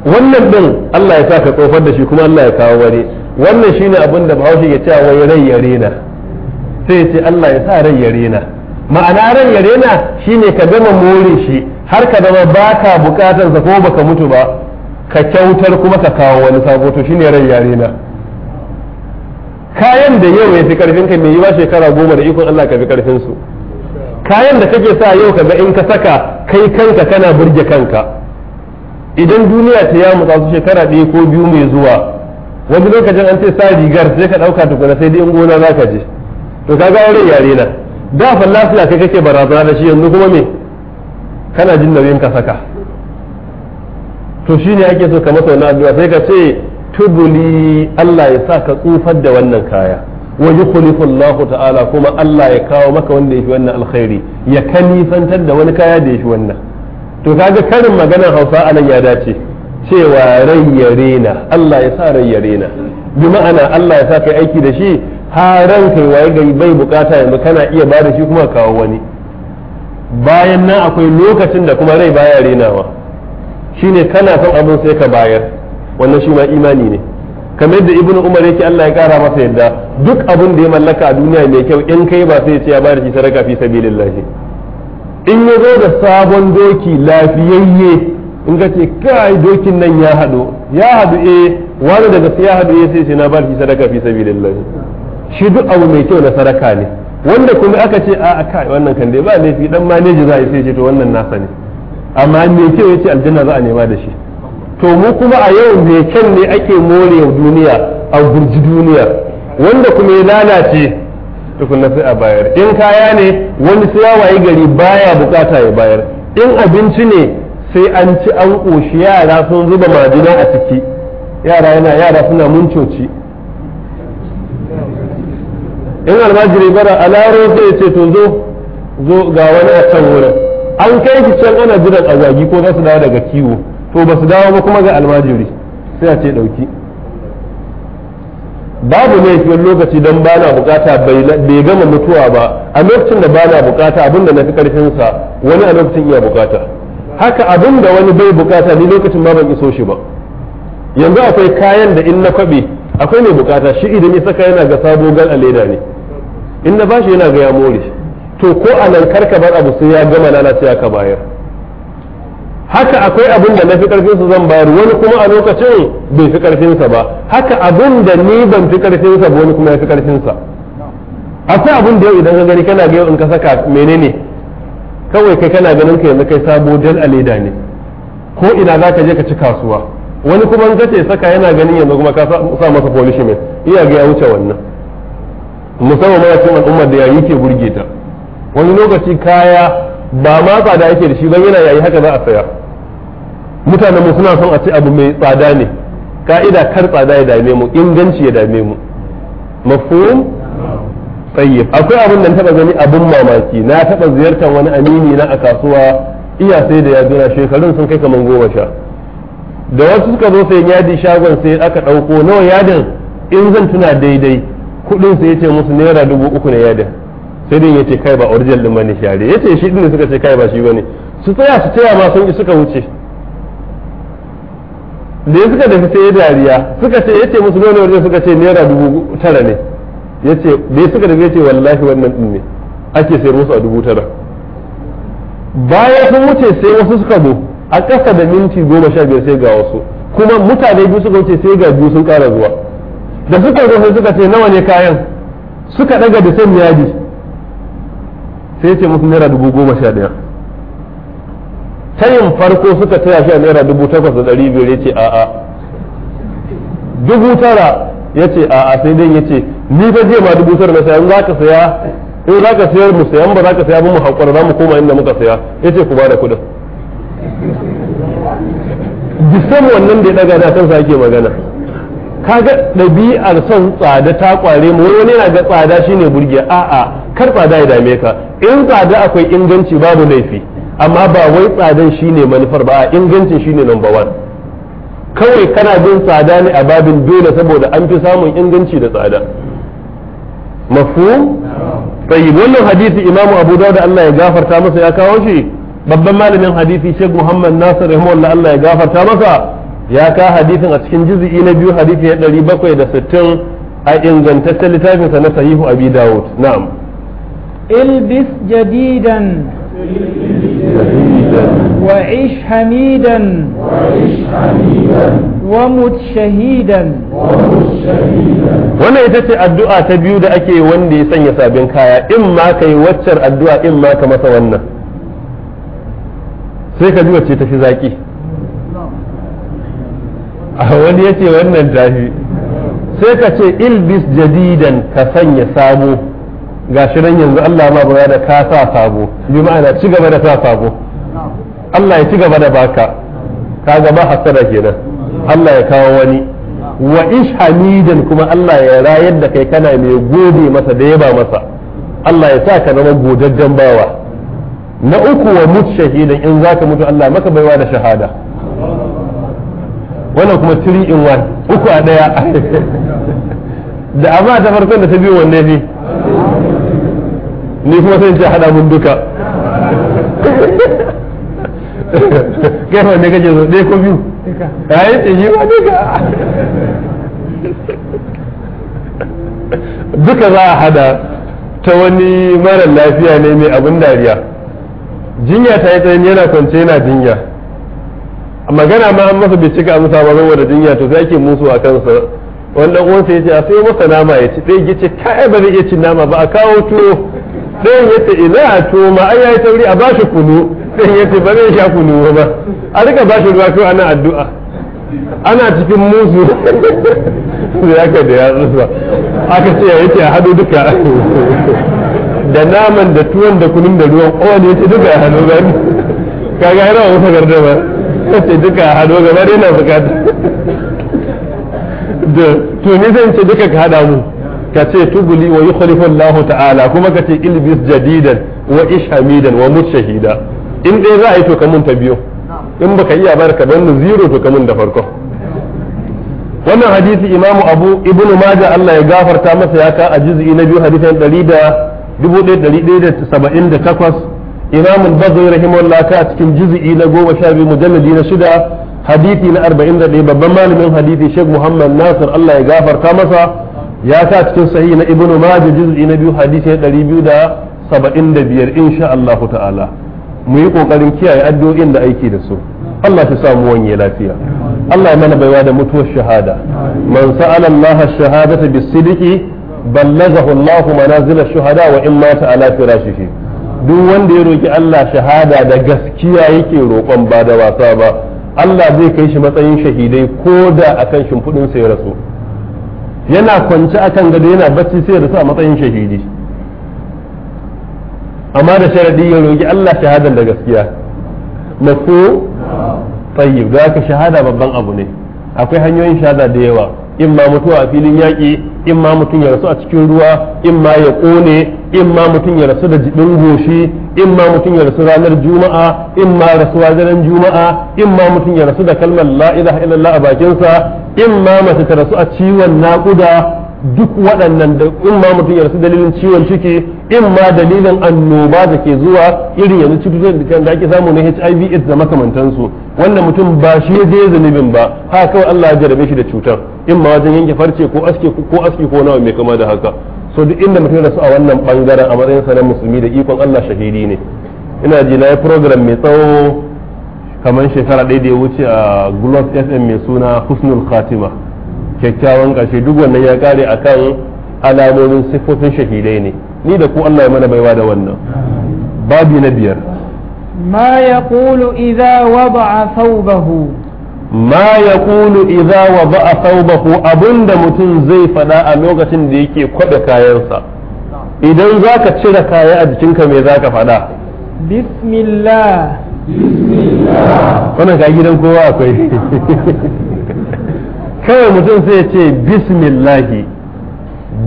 wannan din Allah ya ka tsofar da shi kuma Allah ya kawo wani wannan shine abin da Bahaushe ya cewa wa rai ya rena sai ce Allah ya sa rai ya rena ma'ana rai ya rena shine ka gama more shi har ka zama baka bukatar sa ko baka mutu ba ka kyautar kuma ka kawo wani sabo to shine rai ya rena kayan da yau ya fi karfin ka mai yiwa shekara goma da ikon Allah ka fi karfin su kayan da kake sa yau ka ga in ka saka kai kanka kana burge kanka idan duniya ta ya mutsa su shekara ɗaya ko biyu mai zuwa wani lokacin an ce sa rigar sai ka ɗauka tukuna sai dai in gona za ka je to kaga auren yare na da fa lafiya kai kake barazana da shi yanzu kuma me kana jin nauyin ka saka to shine ake so ka masa wannan addu'a sai ka ce tubuli Allah ya sa ka tsufar da wannan kaya wa yukhlifu Allah ta'ala kuma Allah ya kawo maka wanda yafi wannan alkhairi ya kanisantar da wani kaya da yafi wannan to kaga karin maganar hausa anan ya dace cewa rai ya rena Allah ya sa rai ya rena bi ma'ana Allah ya sa kai aiki da shi haran kai waye gari bai bukata yanzu kana iya ba da shi kuma kawo wani bayan nan akwai lokacin da kuma rai baya renawa shine kana son abin sai ka bayar wannan shi ma imani ne kamar yadda ibnu umar yake Allah ya kara masa yadda duk abun da ya mallaka a duniya mai kyau in kai ba sai ya ce ya ba shi sadaka fi sabilillah in ya zo da sabon doki lafiyayye in ka ce kai dokin nan ya haɗu ya haɗu eh wani daga ya haɗu eh sai sai na bar shi sadaka fi sabilillah shi duk abu mai kyau na sadaka ne wanda kuma aka ce a aka wannan kan dai ba laifi dan maneji za a yi sai ce to wannan nasa ne amma mai kyau ya ce aljanna za a nema da shi to mu kuma a yau mai kyan ne ake more duniya a gurji duniya wanda kuma ya lalace tukunna sai a bayar in kaya ne wani sai ya wayi gari baya bukata ya bayar in abinci ne sai an ci an koshi yara sun zuba majina a ciki yara yana yara suna muncoci in almajiri bara a laro sai ce to zo zo ga wani a can wurin an kai shi can ana jiran agwagi ko za su dawo daga kiwo to ba su dawo ba kuma ga almajiri sai a ce dauki babu laifin lokaci don bana bukata bai gama mutuwa ba a lokacin da bana bukata abinda na fi karfin sa wani a lokacin iya bukata haka abin da wani bai bukata ni lokacin ba ban iso shi ba yanzu akwai kayan da in na kwabe akwai mai bukata shi idan ya saka yana ga sabo gal a leda ne in na bashi yana ga ya more to ko a nan karka bar abu sai ya gama lalace ka bayar haka akwai abin da na fi karfin su zan bayar wani kuma a lokacin bai fi karfin sa ba haka abin da ni ban fi karfin sa ba wani kuma ya fi karfin sa akwai abin da yau idan ka gani kana ga yau in ka saka menene kawai kai kana ganin ka yanzu kai sabo dal a leda ne ko ina za ka je ka ci kasuwa wani kuma in kace saka yana ganin yanzu kuma ka sa masa polishment iya ga ya wuce wannan musamman ma cikin al'ummar da yayi ke burge ta wani lokaci kaya ba ma tsada yake da shi ban yana yayi haka za a saya mutanen mu suna son a ce abu mai tsada ne ka'ida kar tsada ya dame mu inganci ya dame mu mafhum tayyib akwai abin da taba gani abin mamaki na taba ziyartar wani amini na a kasuwa iya sai da ya yaduna shekarun sun kai kaman goma sha da wasu suka zo sai yadi shagon sai aka ɗauko nawa yadin in zan tuna daidai kuɗin sai yace musu naira dubu uku na yadin sai din yace kai ba original din bane share yace shi din suka ce kai ba shi bane su tsaya su tsaya ma sun suka wuce da ya suka tafi sai ya dariya suka ce yace musu dole wajen suka ce naira dubu tara ne yace da ya suka tafi yace wallahi wannan din ne ake sayar musu a dubu tara baya sun wuce sai wasu suka zo a ƙasa da minti goma sha biyar sai ga wasu kuma mutane biyu suka wuce sai ga biyu sun ƙara zuwa da suka zo sai suka ce nawa ne kayan suka ɗaga da san yadi sai ce musu naira dubu goma sha ɗaya tayin farko suka taya shi a naira dubu takwas da ɗari biyar ya ce a'a dubu tara ya ce a'a sai dai ya ce ni ta je ma dubu tara na saya in za ka saya in za ka sayar mu sayan ba za ka saya ba mu haƙura za mu koma inda muka saya ya ce ku ba da kuɗin jisan wannan da ya ɗaga da kansa ake magana kaga ɗabi'ar son tsada ta ƙware mu wani yana ga tsada shine burge a'a kar tsada ya dame ka in tsada akwai inganci babu laifi amma ba wai tsadan shine manufar ba a ingancin shine number one kawai kana bin tsada ne a babin dole saboda an fi samun inganci da tsada mafhum tsayi wannan hadisi imamu abu dawud Allah ya gafarta masa ya kawo shi babban malamin hadisi Sheikh Muhammad Nasir rahimahullah Allah ya gafarta masa ya ka hadisin a cikin juz'i na biyu hadisi ya sittin a ingantaccen littafinsa na sahihu abi dawud na'am ilbis jadidan وعيش حميدا ومت شهيدا وانا اتت الدعاء تبيود اكي واندي سن يسابين كايا اما كي وچر الدعاء اما كما سوانا سيكا جوة تفي زاكي اهوان يتي وانا الجاهي سيكا تي البس جديدا كسن يسابو ga shi nan yanzu Allah ma ba da ka sa sabo bi ma'ana ci gaba da sa sabo Allah ya ci gaba da baka ka ga ba kenan Allah ya kawo wani wa ish hamidan kuma Allah ya rayar da kai kana mai gode masa da yaba masa Allah ya sa ka zama godaggen bawa na uku wa mut shahidan in zaka mutu Allah maka baiwa da shahada wannan kuma 3 in 1 uku a daya *laughs* da amma ta farkon da ta biyo wanne ne ni kuma sai ce hada mun duka kai ne kake so dai ko biyu ai ce yi ma duka duka za a hada ta wani mara lafiya ne mai abin dariya jinya ta yi tsayin yana kwance yana jinya magana ma an masa bai cika amsa ba saboda jinya to sai ake musu a kansa wani dan uwansa ce a sai masa nama ya ci ya ce kai ba zai iya cin nama ba a kawo tuwo ɗayan ya ce ina to ma ai yayi tauri a bashi kunu ɗayan ya ce ba zai sha kunu ba a rika bashi ruwa ko ana addu'a ana cikin musu *laughs* sai aka da ya tsufa aka ce ya yake a hadu duka da naman da tuwon da kunun da ruwan kowane ya ce duka a hadu ba kaga yana wata garda ba ta ce duka a hadu gaba dai na bukata *laughs* to ni zan ce duka ka hada mu kace ce tu buli wa yi khalifin ta'ala kuma ka ce ilbis jaridan wa ish wa mutu shahida in ɗaya za a yi to ka ta biyu in ba iya bar da kaɗan da to ka mun da farko. wannan hadithi imamu u abu ibn ummaji allah ya gafarta ta masa ya ka a jizi na biyu hadithan ɗari da dubu daya zai rahima wala ka a cikin jizi na goma sha na shidda hadisi na arba'in da babban malamin hadisi sheikh muhammad nasir allah ya gafarta masa. ya sa cikin sahihi na ibnu majah juz'i na biyu hadisi na da da saba'in biyar, insha Allah ta'ala mu yi ƙoƙarin kiyaye addu'o'in da aiki da su Allah sa samu wanye lafiya Allah ya mana baiwa da mutuwar shahada man sa'ala Allah ash-shahadata bis-sidqi ballaghahu Allah manazil ash-shuhada wa in mata ala firashihi duk wanda ya roki Allah shahada da gaskiya yake roƙon ba da wasa ba Allah zai kai shi matsayin shahidai ko da akan sa ya rasu yana kwance kan gado yana bacci sai su a matsayin shahidi amma da sharadi ya roƙi Allah shahadan da gaskiya na ko tayyib da haka shahada babban abu ne akwai hanyoyin shahada da yawa in ma mutuwa a filin yaƙi in ma mutum ya rasu a cikin ruwa in ma ya ƙone in ma mutum ya rasu da jibin goshi in ma mutum ya rasu ranar juma'a in ma rasuwa daren juma'a in ma mutum ya rasu da kalmar la ilaha illallah a bakinsa in ma mace ta rasu a ciwon naƙuda duk waɗannan da in ma mutum ya rasu dalilin ciwon ciki in ma dalilin annoba da ke zuwa irin yanzu cututtukan da ake samu na HIV AIDS da makamantansu wanda mutum ba shi ya je zunubin ba haka kawai Allah ya jarabe shi da cutar in ma wajen yanke farce ko aski ko aski ko nawa mai kama da haka so duk inda mutum rasu a wannan bangaren a matsayin na musulmi da ikon Allah shahidi ne ina ji na yi program mai tsawo kamar shekara ɗaya da ya wuce a globe fm mai suna husnul khatima kyakkyawan ƙarshe duk wannan ya kare akan alamomin siffofin shahidai ne ni da ku Allah ya mana baiwa da wannan babi na biyar ma yaqulu idza wada'a thawbahu ma ya kulu idza wa ba a saubahu abinda mutum zai fada a lokacin da yake kwabe kayansa idan zaka ka cire kaya a jikinka me zaka fada bismillah wannan ka gidan kowa akwai kawai mutum sai ce bismillahi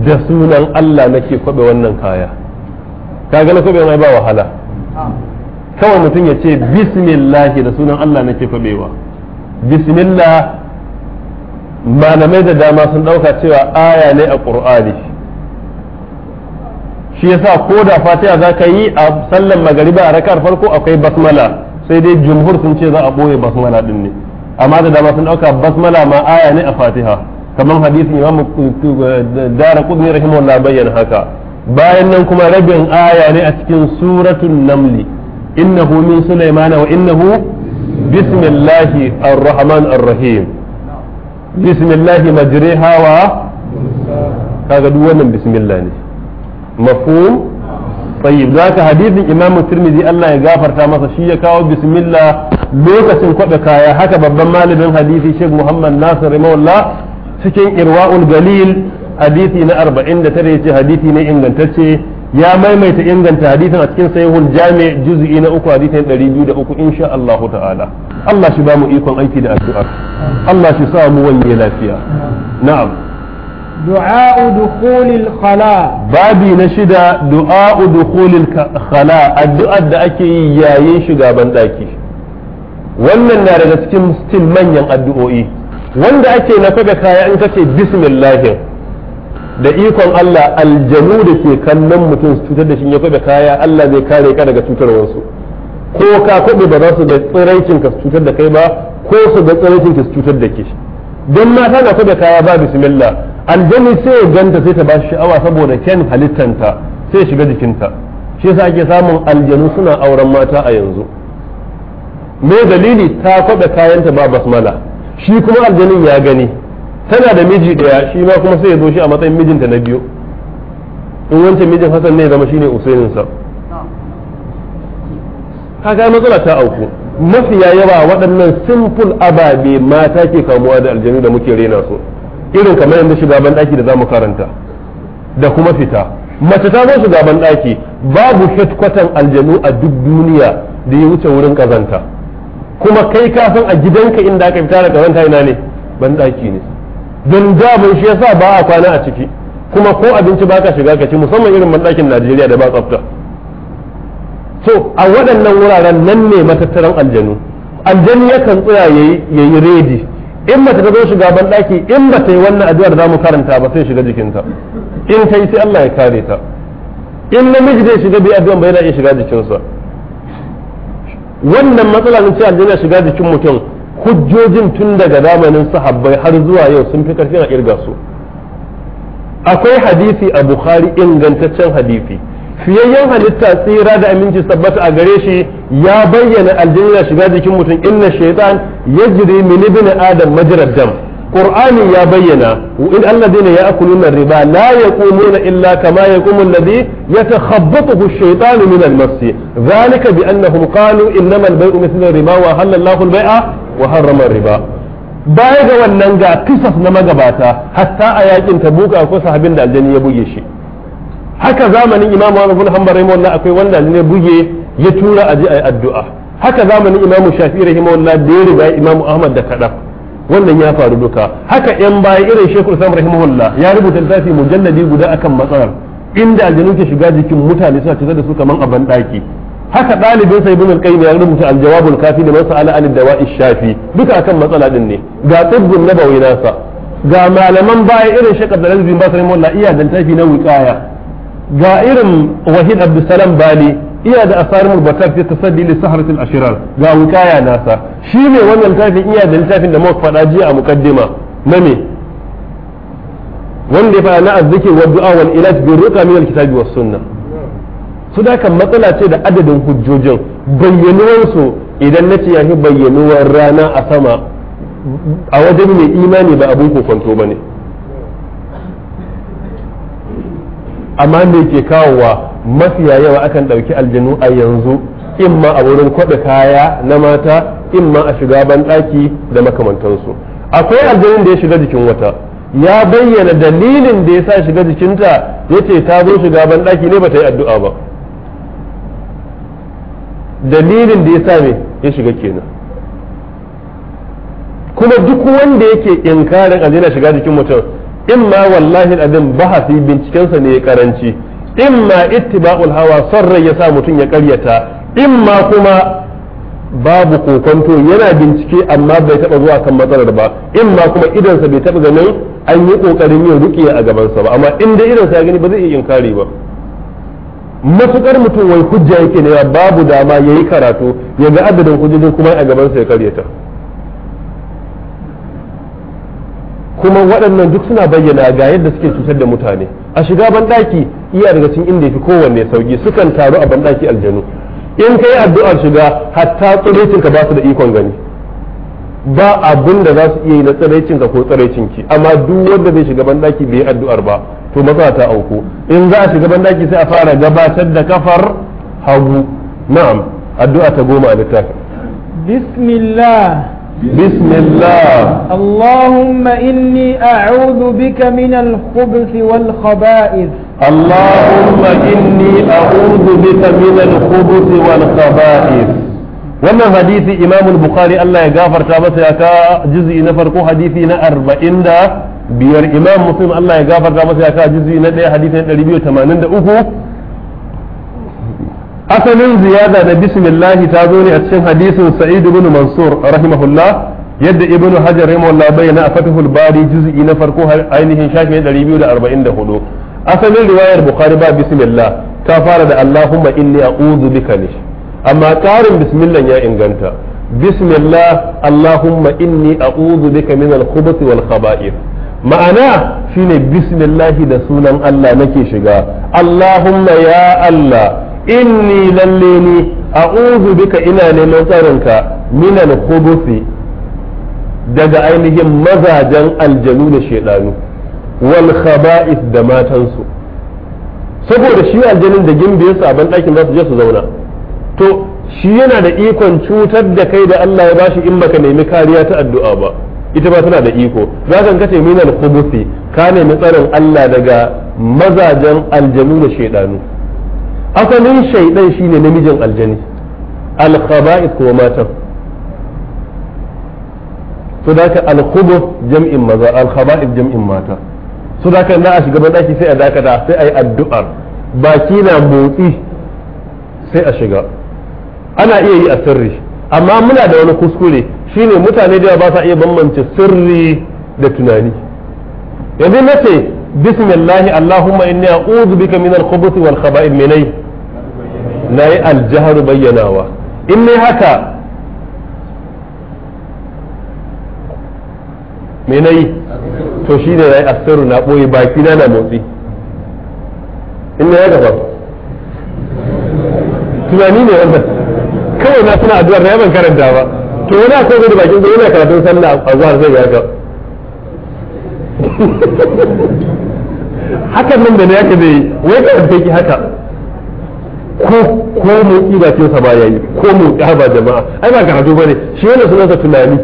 da sunan Allah nake kwabe wannan kaya kaga na kwabe mai ba wahala ah. kawai mutum ya ce bismillahi da sunan Allah na nake kwabewa bismillah malamai da dama sun ɗauka cewa aya ne a qur'ani shi yasa ko da fatiha za ka yi a sallan magariba a rakar farko akwai basmala sai dai jumhur sun ce za a ɓoye basmala ɗin ne amma da dama sun ɗauka basmala ma aya ne a fatiha kamar hadisin imamu dara kudni rahimahullah bayyana haka bayan nan kuma rabin aya ne a cikin suratul namli innahu min sulaimana wa innahu bismillahi الله الرحمن الرحيم بسم الله مجريها و kaga duk wannan bismillah ne mafhum tayyib zaka hadisin imam tirmidhi Allah ya gafarta masa shi ya kawo bismillah lokacin kwada kaya haka babban malamin hadisi Sheikh Muhammad Nasir Maullah cikin irwa'ul galil hadisi na arba'in da 49 yace hadisi na ingantacce ya maimaita inganta hadisin a cikin sahihul jami' juz'i na uku hadisin 203 insha Allah ta'ala Allah shi ba mu ikon aiki da addu'a Allah shi sa mu wani lafiya na'am du'a dukhulil khala babi na shida du'a dukhulil khala addu'ar da ake yi yayin shiga ban daki wannan na daga cikin manyan addu'o'i wanda ake na kaga kaya in kace bismillahir da ikon Allah aljanu da ke kallon mutum su cutar da shi ya kwaɓe kaya Allah zai kare ka daga cutarwarsu ko ka kwaɓe ba za su ga tsiraicin ka cutar da kai ba ko su da tsiraicin ka cutar da ke don mata na kwaɓe kaya ba bismillah aljanu sai ganta sai ta ba sha'awa saboda ken halittanta sai shiga jikinta shi yasa ake samun aljanu suna auren mata a yanzu me dalili ta kwaɓe kayanta ba basmala shi kuma aljanin ya gani tana da miji daya shi ma kuma sai ya zo shi a matsayin mijinta na biyu in wancan mijin hasan ne zama shine usainin sa kaga matsala ta auku mafiya yawa waɗannan simple ababe mata ke kamuwa da aljanu da muke rena su irin kamar yadda shiga ban daki da zamu karanta da kuma fita mace ta zo shiga ban daki babu headquarter aljanu a duk duniya da ya wuce wurin kazanta kuma kai kafin a gidanka inda aka fita da kazanta ina ne ban daki ne don damun shi yasa ba a kwana a ciki kuma ko abinci ba ka shiga ka ci musamman irin banɗakin najeriya da ba tsafta so a waɗannan wuraren nan ne matattaran aljanu aljanu yakan tsaya ya yi redi in mace ta zo shiga banɗaki in ba ta yi wannan addu'ar za mu karanta ba sai shiga jikinta in ta yi sai Allah ya kare ta in namiji zai shiga bai addu'an ba yana iya shiga jikinsa wannan matsalar ce aljanu shiga jikin mutum hujjojin tun daga zamanin sahabbai har zuwa yau sun fi karfi a kirga su akwai hadisi a bukhari ingantaccen hadisi fiyayyen halitta tsira da aminci tabbata a gare shi ya bayyana aljanna shiga jikin mutum inna shaitan yajri mini ibn adam majrad dam qur'ani ya bayyana in alladhina ya'kuluna riba na ya yaqumuna illa kama yaqumu alladhi yatakhabbathu ash-shaytanu min al-mass dhalika bi annahum qalu innama al-bay'u mithlu riba wa halallahu al-bay'a wa harrama riba baya ga wannan ga kisas na magabata hatta a yakin tabuka akwai sahabin da aljani ya buge shi haka zamanin imamu Ahmad ibn Hanbal akwai wanda ne buge ya tura aji yi addu'a haka zamanin imamu Shafi rahimahullah da ya riga imamu Ahmad da kaɗan. wannan ya faru duka haka yan baya irin shekul sam rahimahullah ya rubuta littafi mujalladi guda akan matsalar inda aljanu ke shiga jikin mutane suna cutar da su kaman a banɗaki haka ɗalibin sai ibn al-qayyim ya rubuta al-jawabul kafi da masa ala da dawa'i shafi duka akan matsala din ne ga tibbun nabawi nasa ga malaman baya irin shekh abdulaziz bin basri mawla iya dan tafi na wiqaya ga irin wahid abdussalam bali iya da asarin batar ta tasaddi li saharatil ashirar ga wukaya nasa shi ne wannan littafin iya da littafin da muka faɗa jiya a muqaddima na me wanda ya faɗa na azzikir wa du'a wal ilaj bi ruqa min alkitabi was sunnah su da kan matsala ce da adadin hujjojin bayyanuwar su idan na ce yafi bayyanuwar rana a sama a wajen mai imani ba abun kokonto bane amma me ke kawowa mafiya yawa akan ɗauki aljanu a yanzu in ma a wurin kwaɗa kaya na mata in ma a shiga banɗaki da makamantansu akwai aljanin da ya shiga jikin wata ya bayyana dalilin da ya sa shiga jikinta ya ce ta zo shiga banɗaki ne ba ta yi addu'a ba dalilin da ya sa me ya shiga kenan kuma duk wanda yake inkarin aljana shiga jikin mutum ma wallahi abin bahasi bincikensa ne ya karanci imma ittiba'ul hawa son rai yasa mutum ya karyata imma kuma babu kokonto yana bincike amma bai taba zuwa kan matsalar ba imma kuma idansa bai taba ganin an yi kokarin yin rukiya a gabansa ba amma dai idansa ya gani ba zai iya inkari ba matukar mutum wai hujja yake ne babu dama yayi karatu ya ga adadin hujjojin kuma a gabansa ya karyata kuma waɗannan duk suna bayyana ga yadda suke cutar da mutane a shiga banɗaki iya daga cikin inda yafi kowanne sauki sukan taru a banɗaki aljanu in kai addu'ar shiga hatta tsiraicin ka ba su da ikon gani ba abin da za su iya yi na tsiraicin ka ko tsiraicin ki amma duk wanda zai shiga banɗaki bai addu'ar ba to maza ta auku in za a shiga banɗaki sai a fara gabatar da kafar hagu na'am addu'a ta goma a littafin bismillah بسم الله اللهم إني أعوذ بك من الخبث والخبائث اللهم إني أعوذ بك من الخبث والخبائث wannan hadisi imamul bukhari Allah ya gafarta masa ya ka jizi na farko hadisi na arba'in da biyar imam muslim Allah ya gafarta masa ya ka jizi na ɗaya hadisi na ɗari biyu tamanin da uku asalin ziyada da bismillah ta zo ne a cikin hadisin sa'id ibn mansur rahimahullah yadda ibn hajar rahimahullah bayyana a fatihul bari juz'i na farko ainihin shafin 244 asalin riwayar bukhari ba bismillah ta fara da allahumma inni a'udhu bika ne amma karin bismillah ya inganta bismillah allahumma inni a'udhu bika min al-khubuthi wal ma'ana shine bismillah da sunan Allah nake shiga allahumma ya Allah inni lalle ni uzu bika ina neman tsarinka minan khubuthi daga ainihin mazajen aljanu da shaidanu wal khaba'is da matansu saboda shi aljanin da gimbiya a ban ɗakin za su je su zauna to shi yana da ikon cutar da kai da Allah ya bashi in baka nemi kariya ta addu'a ba ita ba tana da iko za ka kace minan khubuthi ka nemi tsarin Allah daga mazajen aljanu da shaidanu. asalin shaidan shine namijin aljani al kuma matan su da ka al jam'in maza al jam'in mata su da ka na a shiga daki sai a dakata sai a yi addu'ar baki na motsi sai a shiga ana iya yi a sirri amma muna da wani kuskure shine mutane da ba sa iya bambance sirri da tunani yanzu ce bismillahi allahumma inni a'udhu bika min al-khubuth wal khaba'ith minai na yi aljaharu bayyanawa in ne haka me na yi to shi ne na yi asiru na ɓoye baki na na motsi in ne haka ba tunani ne wannan kawai na suna addu'ar na yaban karanta ba to wani akwai da bakin gudu yana karatun sallah a zuwa zai ya ga *laughs* hakan nan da na yaka zai yi wai karanta ki haka ko ko motsi bakin sa ba yayi ko motsi ba jama'a ai ba garajo bane shi suna sunansa tunani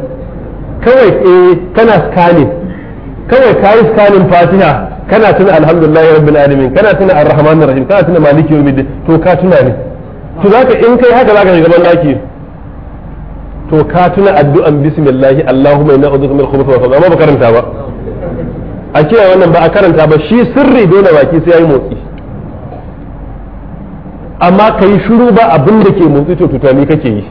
kawai eh kana scanning kawai kai scanning fatiha kana tuna alhamdulillah rabbil alamin kana tuna arrahmanir rahim kana tuna maliki yawmiddin to ka tuna ne to zaka in kai haka zaka shiga laki to ka tuna addu'an bismillah allahumma inna a'udhu min khubuthi wa fadha ba karanta ba a cewa wannan ba a karanta ba shi sirri dole baki sai yayi motsi amma ka yi shuru ba abin da ke motsi to tutani kake yi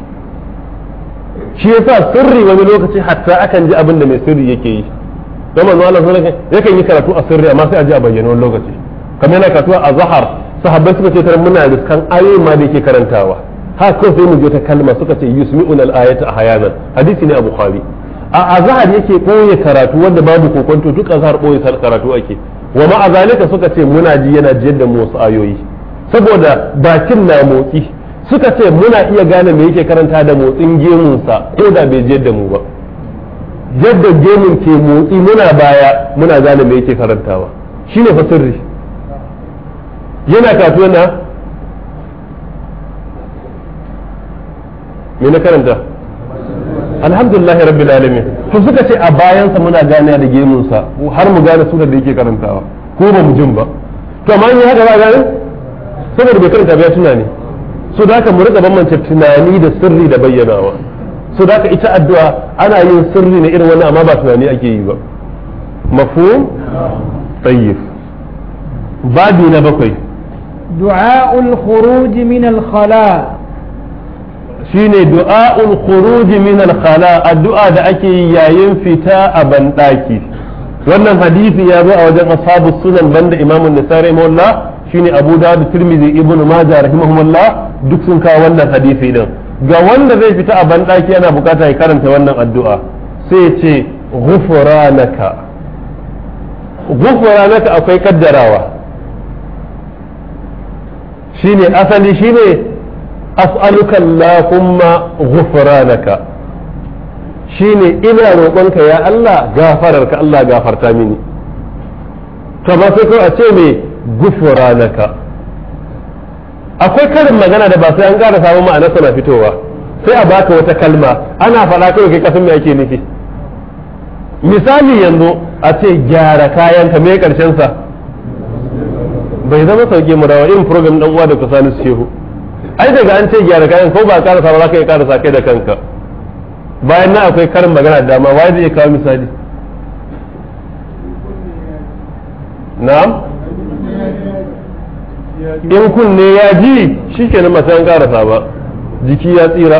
shi yasa sirri wani lokaci hatta akan ji abin da mai sirri yake yi don manzo Allah sallallahu alaihi yakan yi karatu a sirri amma sai a ji a bayyana wani lokaci kamar yana karatu a zahar sahabbai suka ce tare muna riskan ayoyi ma da yake karantawa ha ko sai mu je ta kalma suka ce yusmi'una al-ayata ahyanan hadisi ne a bukhari a azhar yake koye karatu wanda babu kokonto duk azhar koye karatu ake wa ma suka ce muna ji yana jiyar da mu wasu ayoyi saboda bakin na motsi suka ce muna iya gane me yake karanta da motsin gemunsa ko da bai jiyar da mu ba yadda gemun ke motsi muna baya muna gane me yake karantawa shine fa sirri yana katuwa na me na karanta alhamdulillah rabbil alamin to suka ce a bayansa muna gane da gemunsa har mu gane sunan da yake karantawa ko ba mu jin ba to amma in haka ba gane saboda bai karanta ba ya so da haka mu rika bambance tunani da sirri da bayyanawa so da haka ita addu'a ana yin sirri ne irin wannan amma ba tunani ake yi ba mafhum tayyib babi na bakwai du'a'ul khuruj min al-khala shine du'a'ul khuruj min al-khala addu'a da ake yi yayin fita a bandaki wannan hadisi ya zo a wajen ashabu sunan banda imamun nisari mawalla shine Abu Dawud Tirmidhi Ibn Majah rahimahumullah duk sun kawo wannan hadisi din ga wanda zai fita a banɗaki yana bukata ya karanta wannan addu'a sai ya ce ghufranaka ghufranaka akwai kaddarawa shine asali shine as'aluka allahumma ghufranaka shine ina roƙonka ya Allah gafararka Allah gafarta mini kamar sai ko a ce me gufuranaka akwai karin magana da ba sai an ƙara samun ma'ana na fitowa sai a baka wata kalma ana faɗa kawai kai kasan me ake nufi misali yanzu a ce gyara kayanka me karshen sa bai zama sauke mu rawa irin program dan uwa da kusa su shehu ai daga an ce gyara kayan ko ba karasa ba za ka iya karasa kai da kanka bayan nan akwai karin magana da dama wai zai kawo misali na'am in kunne ya ji shi ke nan masu karasa ba jiki ya tsira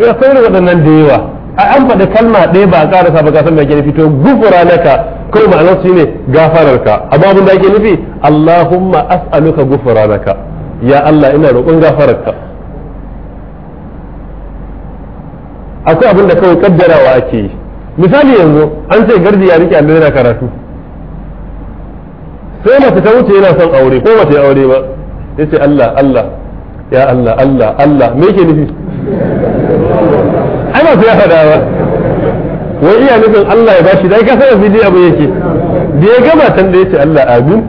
ya da waɗannan da yawa a an faɗi kalma ɗaya ba a karasa ba kasan mai ke nufi to gufura naka kawai ma'anar shi ne gafararka amma abin da ake nufi allahumma as'aluka gufura naka ya allah ina roƙon gafararka akwai abinda kawai kaddarawa ake misali yanzu an ce gardi ya rike allo yana karatu sai mace ta wuce yana son aure ko mace aure ba ya ce Allah Allah ya Allah Allah Allah me yake nufi Ai masu ya faɗa ba wai iya nufin Allah ya bashi dai ka san abin abu yake da ya gama can da ce Allah amin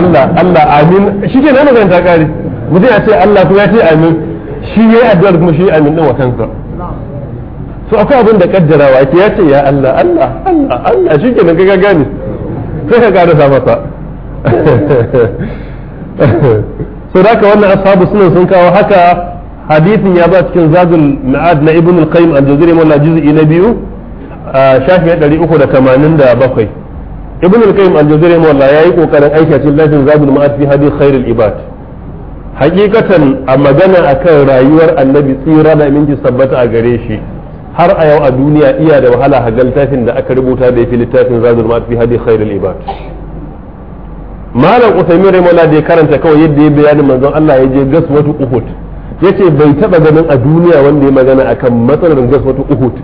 Allah Allah amin shike na magana ta kare mutum ya ce Allah kuma ya ce amin shi ya yi addu'ar kuma shi amin din wa kansa so akwai abin da kaddarawa yake ya ce ya Allah Allah Allah Allah ke na ka gane sai ka sa masa sau da wannan ashabu sunan sun kawo haka hadithin ya ba cikin zagun ma'ad na ibn al-qayyim al-jazari mawla juz'i na biyu a shafi 387 ibn al-qayyim al-jazari mawla yayi kokarin aika cikin lafin zadul ma'ad fi hadith khairul ibad hakikatan a magana akan rayuwar annabi tsira da aminci sabbata a gare shi har a yau a duniya iya da wahala hagal tafin da aka rubuta da ya fi littafin zagun ma'ad fi hadith khairul ibad malam usaimin raimola da ya karanta kawai yadda ya bayani manzon Allah ya je gas gaswatu uhud ya ce bai taba ganin a duniya wanda ya magana akan matsalar gaswatu uhud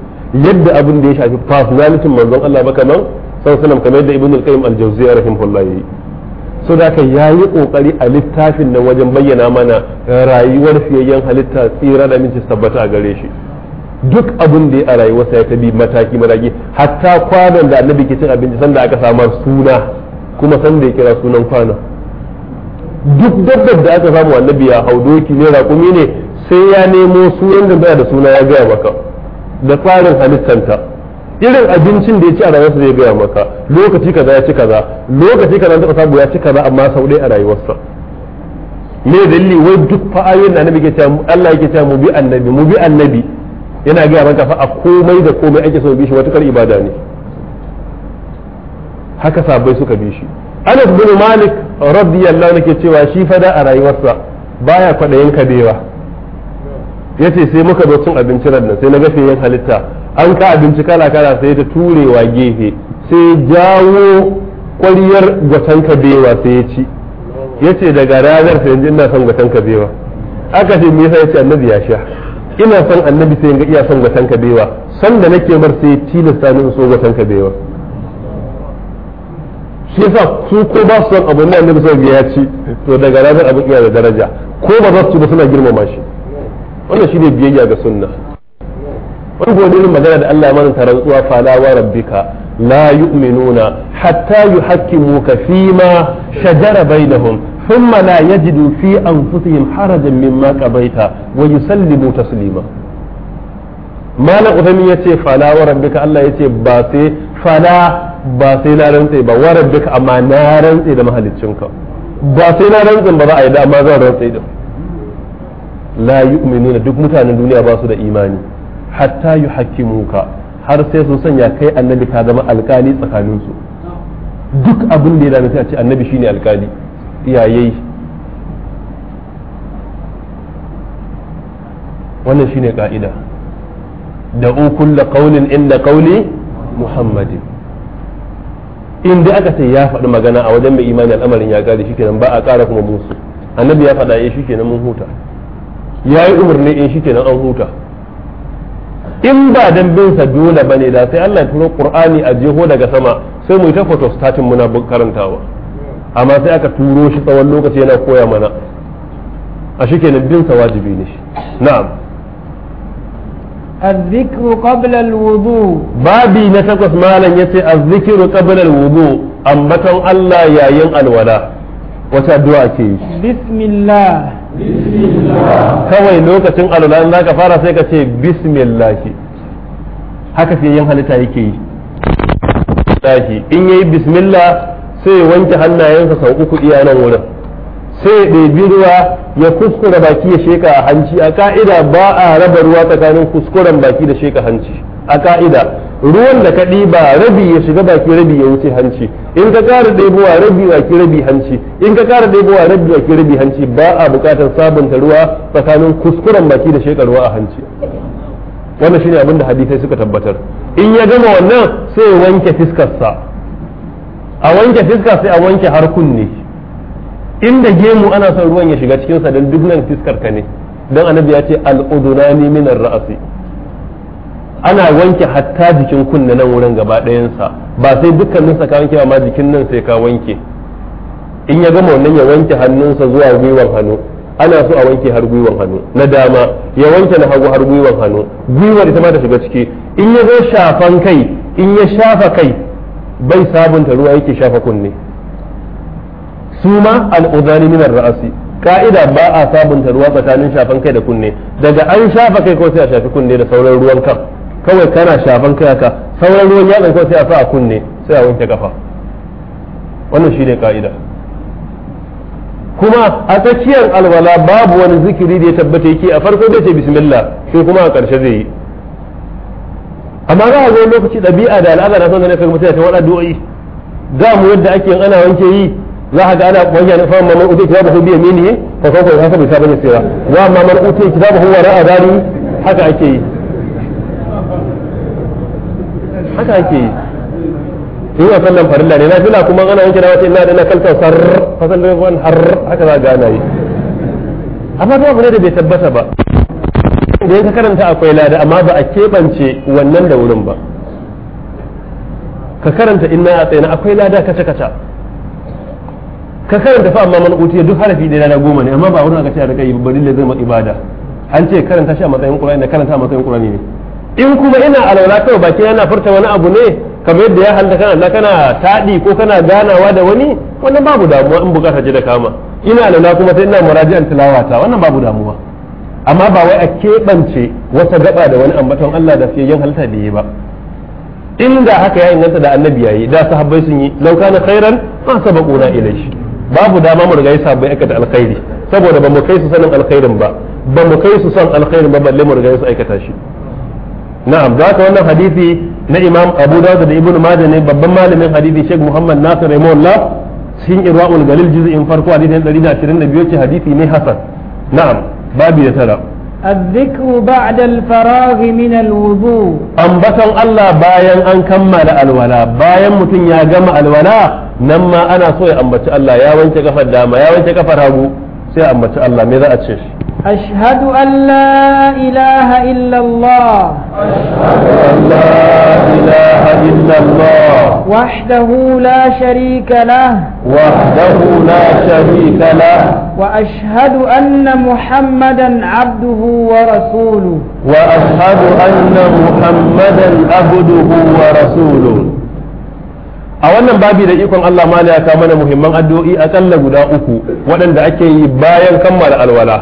yadda abin da ya shafi personality manzon Allah ba kaman sallallahu kamar yadda ibnu al-qayyim al-jawziyya rahimahullahi so da ka yayi kokari a littafin nan wajen bayyana mana rayuwar fiyayyen halitta tsira da minti tabbata a gare shi duk abin da ya a rayuwarsa ya tabi mataki mataki hatta kwanan da annabi ke cin abinci sanda aka samar suna kuma san da ya kira sunan kwana duk dabbar da aka samu annabi ya hau doki ne raƙumi ne sai ya nemo sunan da baya da suna ya gaya maka da tsarin halittanta irin abincin da ya ci a rayuwarsa zai gaya maka lokaci kaza ya ci kaza lokaci kaza ta samu ya ci kaza amma sau ɗaya a rayuwarsa me dalili wai duk fa'ayoyin da annabi ke cewa Allah yake cewa mu bi annabi mu bi annabi yana gaya maka fa a komai da komai ake so bi shi wata ibada ne haka sabai suka bi shi Anas bin Malik radiyallahu anhu ke cewa shi fada a rayuwarsa baya yin kabewa yace sai muka zo cin abinci nan sai na ga yin halitta an ka abinci kala kala sai ta ture wa gefe sai jawo kwariyar gwatan kabewa sai ya ci yace daga ranar sai ina son gwatan kabewa aka ce me yasa yace annabi ya sha ina son annabi sai ga iya son gwatan kabewa san da nake bar sai tilasta ni so gwatan kabewa shi yasa su ko ba su san abun da annabi sallallahu ya ci to daga ranar abin iya da daraja ko ba za su ba suna girmama shi wannan shine biyayya ga sunna wani godin magana da Allah ya manta rantsuwa fala wa rabbika la yu'minuna hatta yuhaqqimuka fima shajara bainahum ثم لا يجدوا في أنفسهم حرجا مما قضيت yace تسليما ما لقدم يتي allah وربك الله ba sai فلا ba sai na rantse ba rabbi duka amma na rantse da mahaliccinka ba sai na rantse ba za a yi da amma zan rantse da la yu'minuna duk mutanen duniya ba su da imani hatta yuhakkimuka har sai su sanya kai annabi ka zama alkali tsakanin su duk abin da ya dame a ce annabi shine alkali iyaye wannan shine ka'ida da kulla qaulin inda qauli muhammadin in dai aka ce ya faɗi magana a wajen mai imani al'amarin ya kare shikenan ba a ƙara kuma musu annabi ya faɗa ya eh, shikenan mun huta ya yi umarni in eh, shikenan an huta in ba dan bin sa dole ne da sai Allah ya turo Qur'ani a jeho daga sama sai mu yi ta photostatin muna karantawa amma sai aka turo shi tsawon lokaci yana koya mana a shikenan bin sa wajibi ne na'am الذكر قبل الوضوء بابي نتقص مالا يتي الذكر قبل الوضوء أمبتن الله يا ين الولا وتدعى بسم الله بسم الله كوي لوكا تن الولاء لك فارا سيكا بسم الله haka sai yin halitta yake yi in yayi bismillah sai wanke hannayensa sau uku iya nan wurin sai ya ɗebi ruwa ya kuskura baki ya sheka a hanci a ka'ida ba a raba ruwa tsakanin kuskuren baki da sheka hanci a ka'ida ruwan da ka ɗiba rabi ya shiga baki rabi ya wuce hanci in ka ƙara ɗebowa rabi baki rabi hanci in ka ƙara ɗebowa rabi baki rabi hanci ba a buƙatar sabunta ruwa tsakanin kuskuren baki da sheka ruwa a hanci wannan shine abin da hadisai suka tabbatar in ya gama wannan sai ya wanke fiskarsa a wanke fiska sai a wanke har kunne inda gemu ana son ruwan ya shiga cikinsa don duk nan fiskar ka ne don annabi ya ce al'udunani min ra'asi ana wanke hatta jikin kunne nan wurin gaba ɗayansa ba sai dukkaninsa ka wanke ma jikin nan sai ka wanke in ya gama wannan ya wanke hannunsa zuwa gwiwan hannu ana so a wanke har gwiwan hannu na dama ya wanke na hagu har gwiwan hannu gwiwar ita ma ta shiga ciki in ya zo shafan kai in ya shafa kai bai sabunta ruwa yake shafa kunne suma al'udani minar ra'asi ka'ida ba a sabunta ruwa tsakanin shafan kai da kunne daga an shafa kai ko sai a shafi kunne da sauran ruwan kan kawai kana shafan kai haka sauran ruwan yatsan ko sai a sa a kunne sai a wanke kafa wannan shine ka'ida kuma a tsakiyar alwala babu wani zikiri da ya tabbata yake a farko da ce bismillah sai kuma a ƙarshe zai yi amma za a zo lokaci ɗabi'a da al'ada na son zane a kai mutum ya ce waɗa do'i za mu yadda ake yin ana wanke yi za a ga ana bayyana fa man uti kitabahu bi yaminihi fa sawfa yuhasabu hisaban yasira wa amma man uti kitabahu wa ra'a dari haka ake yi haka ake yi in yi sallan farilla ne na fila kuma ana yanke na wata ina da na kalta sar fasal da wani har haka za ga ana yi amma ba wani da bai tabbata ba da ka karanta akwai lada amma ba a keɓance wannan da wurin ba ka karanta ina a tsaye akwai lada kaca kaca ka karanta fa amma malakuti duk harafi da rana goma ne amma ba wurin aka ce a rika ibadin da zama ibada an ce karanta shi a matsayin qur'ani da karanta a matsayin qur'ani ne in kuma ina alwala kawai baki yana furta wani abu ne kamar yadda ya halta kana Allah kana tadi ko kana ganawa da wani wannan babu damuwa in bukata ce da kama ina alwala kuma sai ina muraji'an tilawata wannan babu damuwa amma ba wai a keɓance wata gaba da wani ambaton Allah da fiyayyen halta da yi ba inda haka ya inganta da annabi yayi da sahabbai sun yi laukana khairan ma sabaquna ilayhi babu dama mu riga yi sabbai aikata alkhairi saboda ba mu kai su sanin alkhairin ba ba mu kai su son alkhairin ba balle mu riga su aikata shi na'am da ka wannan hadisi na imam abu dawud da ibnu majah ne babban malamin hadisi sheikh muhammad nasir rahimahullah cikin irwaul galil juz'in farko hadisin 122 ce hadisi ne hasan na'am babu ya tara الذكر بعد الفراغ من الوضوء أنبتن الله باين أن كمل الولاء باين متن يا جمع الولاء nan ma ana so ya ambaci Allah ya wanke kafar dama ya wanke kafar hagu sai ya ambaci Allah me za a ce shi ashhadu an la ilaha illa Allah ashhadu an la ilaha illa Allah wahdahu la sharika lah wahdahu la sharika lah wa ashhadu anna muhammadan abduhu wa rasuluhu wa ashhadu anna muhammadan abduhu wa rasuluhu a wannan babi da ikon Allah ma ya kawo mana muhimman addu'o'i akalla guda uku waɗanda ake yi bayan kammala alwala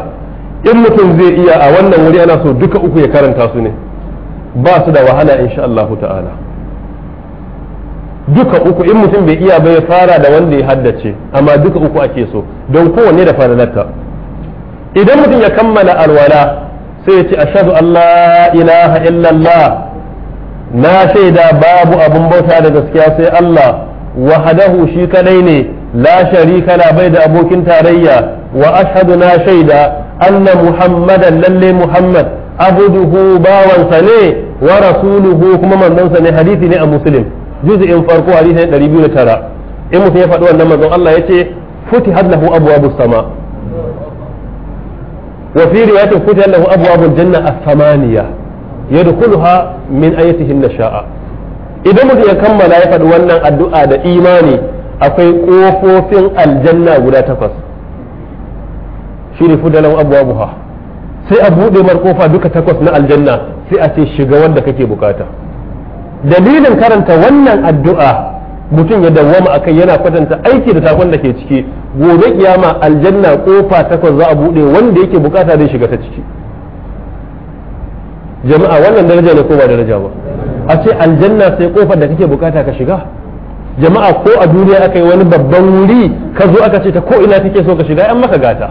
in mutum zai iya a wannan wuri ana so duka uku ya karanta su ne ba su da wahala insha Allah ta'ala duka uku in mutum bai iya ba ya fara da wanda ya haddace amma duka uku ake so don kowanne da faranarta idan mutum ya kammala alwala sai ya ce ashadu an la ilaha illallah na shaida babu abin bauta da gaskiya sai Allah wahadahu shi kadai ne la sharika la bai da abokin tarayya wa ashhadu na shaida anna muhammadan lalle muhammad abduhu bawansa ne wa rasuluhu kuma manzonsa ne hadisi ne a muslim juz'in farko hadisi ne 209 in mutum ya faɗi wannan manzon Allah yace futihat lahu abwabus sama wa fi riwayatin futihat lahu abwabul janna as-samaniya yadkhuluha min ayatihi nasha'a idan mutum ya kammala ya faɗi wannan addu'a da imani akwai ƙofofin aljanna guda takwas shi ne fudalan abuwa sai a buɗe mar kofa duka takwas na aljanna sai a ce shiga wanda kake bukata dalilin karanta wannan addu'a mutum ya dawwama kai yana kwatanta aiki da takon da ke ciki gobe kiyama aljanna kofa takwas za a buɗe wanda yake bukata zai shiga ta ciki jama'a wannan daraja ne ko ba daraja ba a ce aljanna sai kofar da kake bukata ka shiga jama'a ko a duniya aka yi wani babban wuri ka zo aka ce ta ko ina kake so ka shiga yan maka gata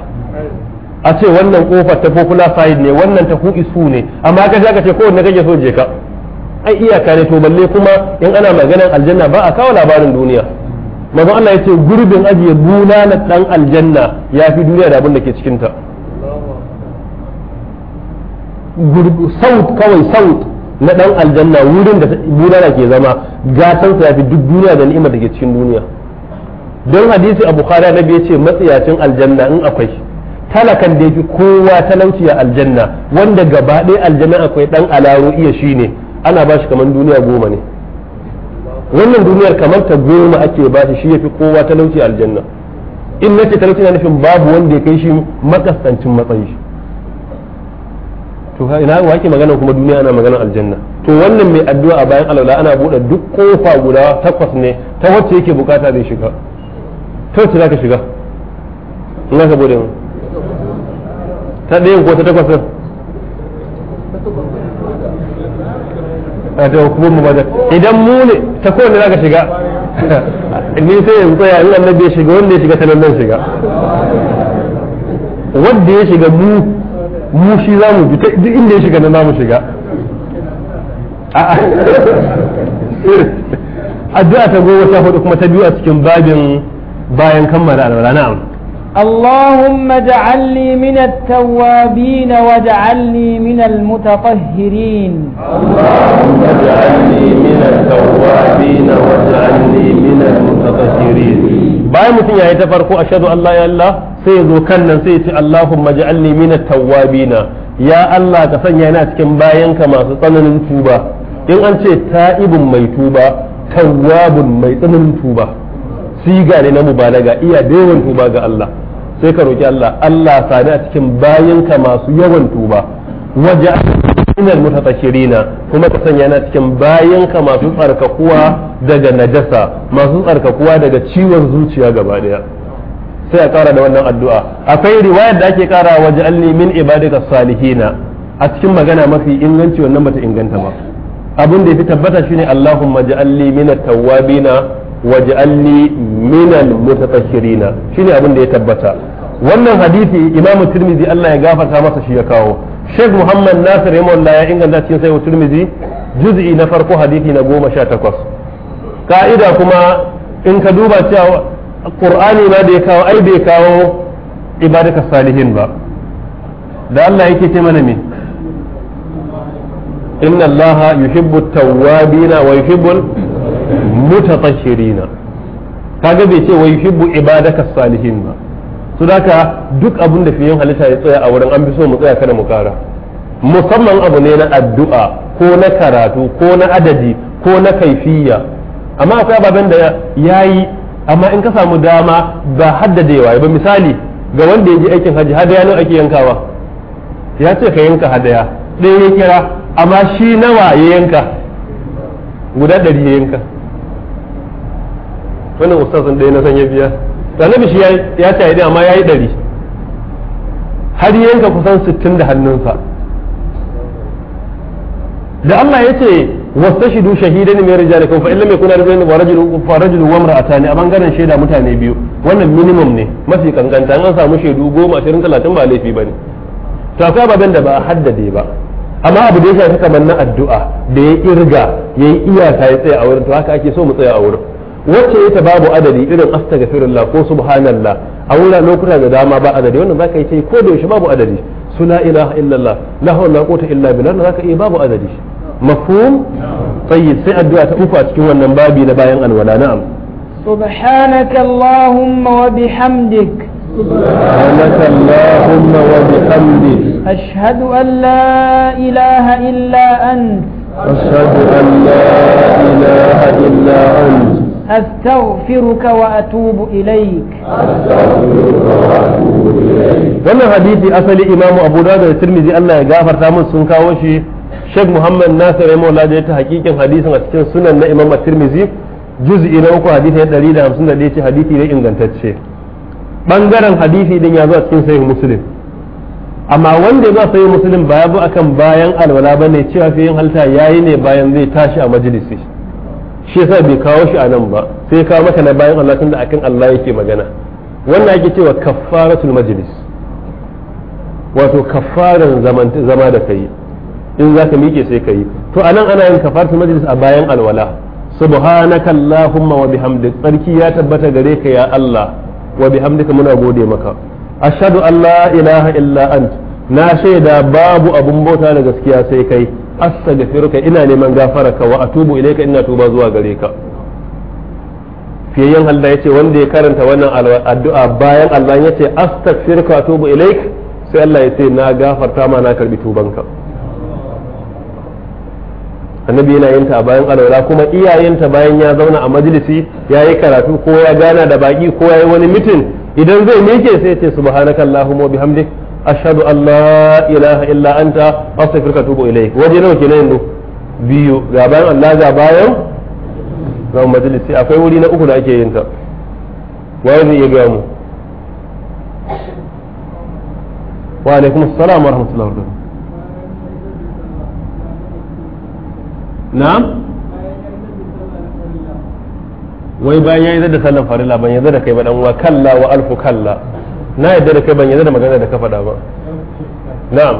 a ce wannan kofar ta popular side ne wannan ta kuɗi su ne amma ka aka ce ko kake so je ka ai iyaka ne to balle kuma in ana maganar aljanna ba a kawo labarin duniya manzo Allah ya ce gurbin ajiye bunanan dan aljanna ya fi duniya da abin da ke cikinta saut kawai saut na dan aljanna wurin da bulala ke zama gatan ya fi duk duniya da ni'imar da ke cikin duniya don hadisi a bukhari na ya ce matsiyacin aljanna in akwai talakan da yake kowa talauci a aljanna wanda gaba ɗaya aljanna akwai dan alaro iya shine ana ba shi kamar duniya goma ne wannan duniyar kamar ta goma ake ba shi shi yafi kowa talauci aljanna in ce talauci na nufin babu wanda ya kai shi makasancin matsayi to ina wa ke magana kuma duniya ana magana aljanna to wannan mai addu'a a bayan alaula ana bude duk kofa guda takwas ne ta wacce yake bukata zai shiga ta wacce zaka shiga in ka bude mu ta ɗayan ko ta takwas din a ta kuma mu bada idan mu ne ta kowanne zaka shiga *laughs* ni sai yanzu tsaya in annabi ya shiga wanda ya shiga ta nan shiga wanda ya shiga mu mu shi za mu bi duk inda ya shiga na namu shiga addu'a ta goma ta hudu kuma ta biyu a cikin babin bayan kammala alwala na'am اللهم اجعلني من التوابين واجعلني من المتطهرين اللهم اجعلني من التوابين واجعلني من المتطهرين bayan mutum yayi ta farko ashhadu an la ilaha sai ya zo kan nan sai ya ce allahumma ja'alni minat tawwabina ya Allah ka sanya ina cikin bayanka masu tsananin tuba in an ce ta'ibun mai tuba tawwabun mai tsananin tuba siga ne na mubalaga iya da yawan tuba ga Allah sai ka roki Allah Allah sani a cikin bayanka masu yawan tuba waje minal mutatakirina kuma ka sanya na cikin bayanka masu tsarkakuwa daga najasa masu tsarkakuwa daga ciwon zuciya gaba daya sai a kara da wannan addu'a akwai riwayar da ake kara wa ja'alni min ibadika salihina a cikin magana mafi inganci wannan bata inganta ba abin da yafi tabbata shine Allahumma ja'alni min at-tawwabina wa ja'alni min shine abin da ya tabbata wannan hadisi Imam Tirmidhi Allah ya gafarta masa shi ya kawo Sheikh Muhammad Nasir Yamon ya inganta cikin sai Tirmidhi juz'i na farko hadisi na goma sha takwas ka'ida kuma in ka duba cewa Qur'ani ma da ya kawo ai bai kawo ibadaka salihin ba da Allah yake ce mana me inna Allah yuhibbu tawwabina wa yuhibbu mutatashirina kaga bai ce wa yuhibbu ibadaka salihin ba su haka duk abin da fiye halitta ya tsaya a wurin an fi so mu tsaya kada mu kara musamman abu ne na addu'a ko na karatu ko na adadi ko na kaifiya amma akwai ababen da ya yi amma in ka samu dama ba haddadewa ba misali ga wanda ya ji aikin haji hadaya nawa ake yankawa ya ce ka yanka hadaya ɗaya ya kira amma shi nawa ya yanka guda ɗari ya yanka wannan ustazin ɗaya na san ya biya da na shi ya shaidi amma ya yi ɗari har yanka kusan sittin da hannunsa da Allah ya ce wastashidu shahidan min rijalikum fa da kuma rajulun da rajulun fa rajulun wa imra'atani a bangaren shaida mutane biyu wannan minimum ne mafi kankanta an samu shaidu goma shirin talatin ba laifi ne to akwai ababen da ba a haddade ba amma abu da ya shafi kamar na addu'a da ya irga ya yi iyaka ya tsaya a wurin to haka ake so mu tsaya a wurin wacce ita babu adadi irin astaghfirullah ko subhanallah a wura lokuta da dama ba adadi wannan zaka yi ko da yaushe babu adadi su la ilaha illallah la hawla wala quwwata illa billah zaka yi babu adadi mafhum tayyib sai addu'a ta uku a cikin wannan babi na bayan alwala na'am subhanaka allahumma wa bihamdik سبحانك اللهم وبحمدك أشهد أن لا إله إلا أنت أشهد أن لا إله إلا أنت أستغفرك atubu إليك wannan hadisi asali imamu abu dawud da tirmizi Allah ya gafarta mun sun kawo shi Sheikh Muhammad Nasir ya maula da ta hakikin hadisin a cikin sunan na Imam Tirmizi juz'i na uku hadisi na ya ce hadisi ne ingantacce bangaren hadisi din ya zo a cikin sahih Muslim amma wanda ya zo sahih Muslim ba ya bu akan bayan alwala bane cewa fiyin halta yayi ne bayan zai tashi a majalisi shi yasa bai kawo shi a nan ba sai ya kawo maka na bayan Allah tunda akan Allah yake magana wannan ake cewa kaffaratul majlis wato kaffaran zama da kai in za ka miƙe sai ka to a nan ana yin kaffaratul majlis a bayan alwala subhanaka allahumma wa bihamdika tsarki ya tabbata gare ka ya Allah wa bihamdika muna gode maka ashhadu an la ilaha illa ant na shaida babu abun bauta da gaskiya sai kai astaghfiruka ina neman gafaraka wa atubu ilayka ina tuba zuwa gare ka fiyayyen halda yace wanda ya karanta wannan addu'a bayan Allah yace astaghfiruka atubu ilayk sai Allah ya na gafarta ma na karbi tubanka annabi yana yin ta bayan alwala kuma iyayenta bayan ya zauna a majalisi ya yi karatu ko ya gana da baki ko ya yi wani mitin idan zai mike sai ya ce subhanakallahumma bihamdika ashhadu an la ilaha illa anta astaghfiruka wa atubu ilai waje nawa kenan yanzu biyu ga bayan Allah ga bayan ga majalisi akwai wuri na uku da ake yin ta waye zai iya gaya mu wa alaikum assalam wa rahmatullahi wa barakatuh na'am wai bayan ya yi da sallan farilla ban yanzu da kai ba dan wa kalla wa alfu kalla na yadda da kai ban yadda da magana da ka faɗa ba na'am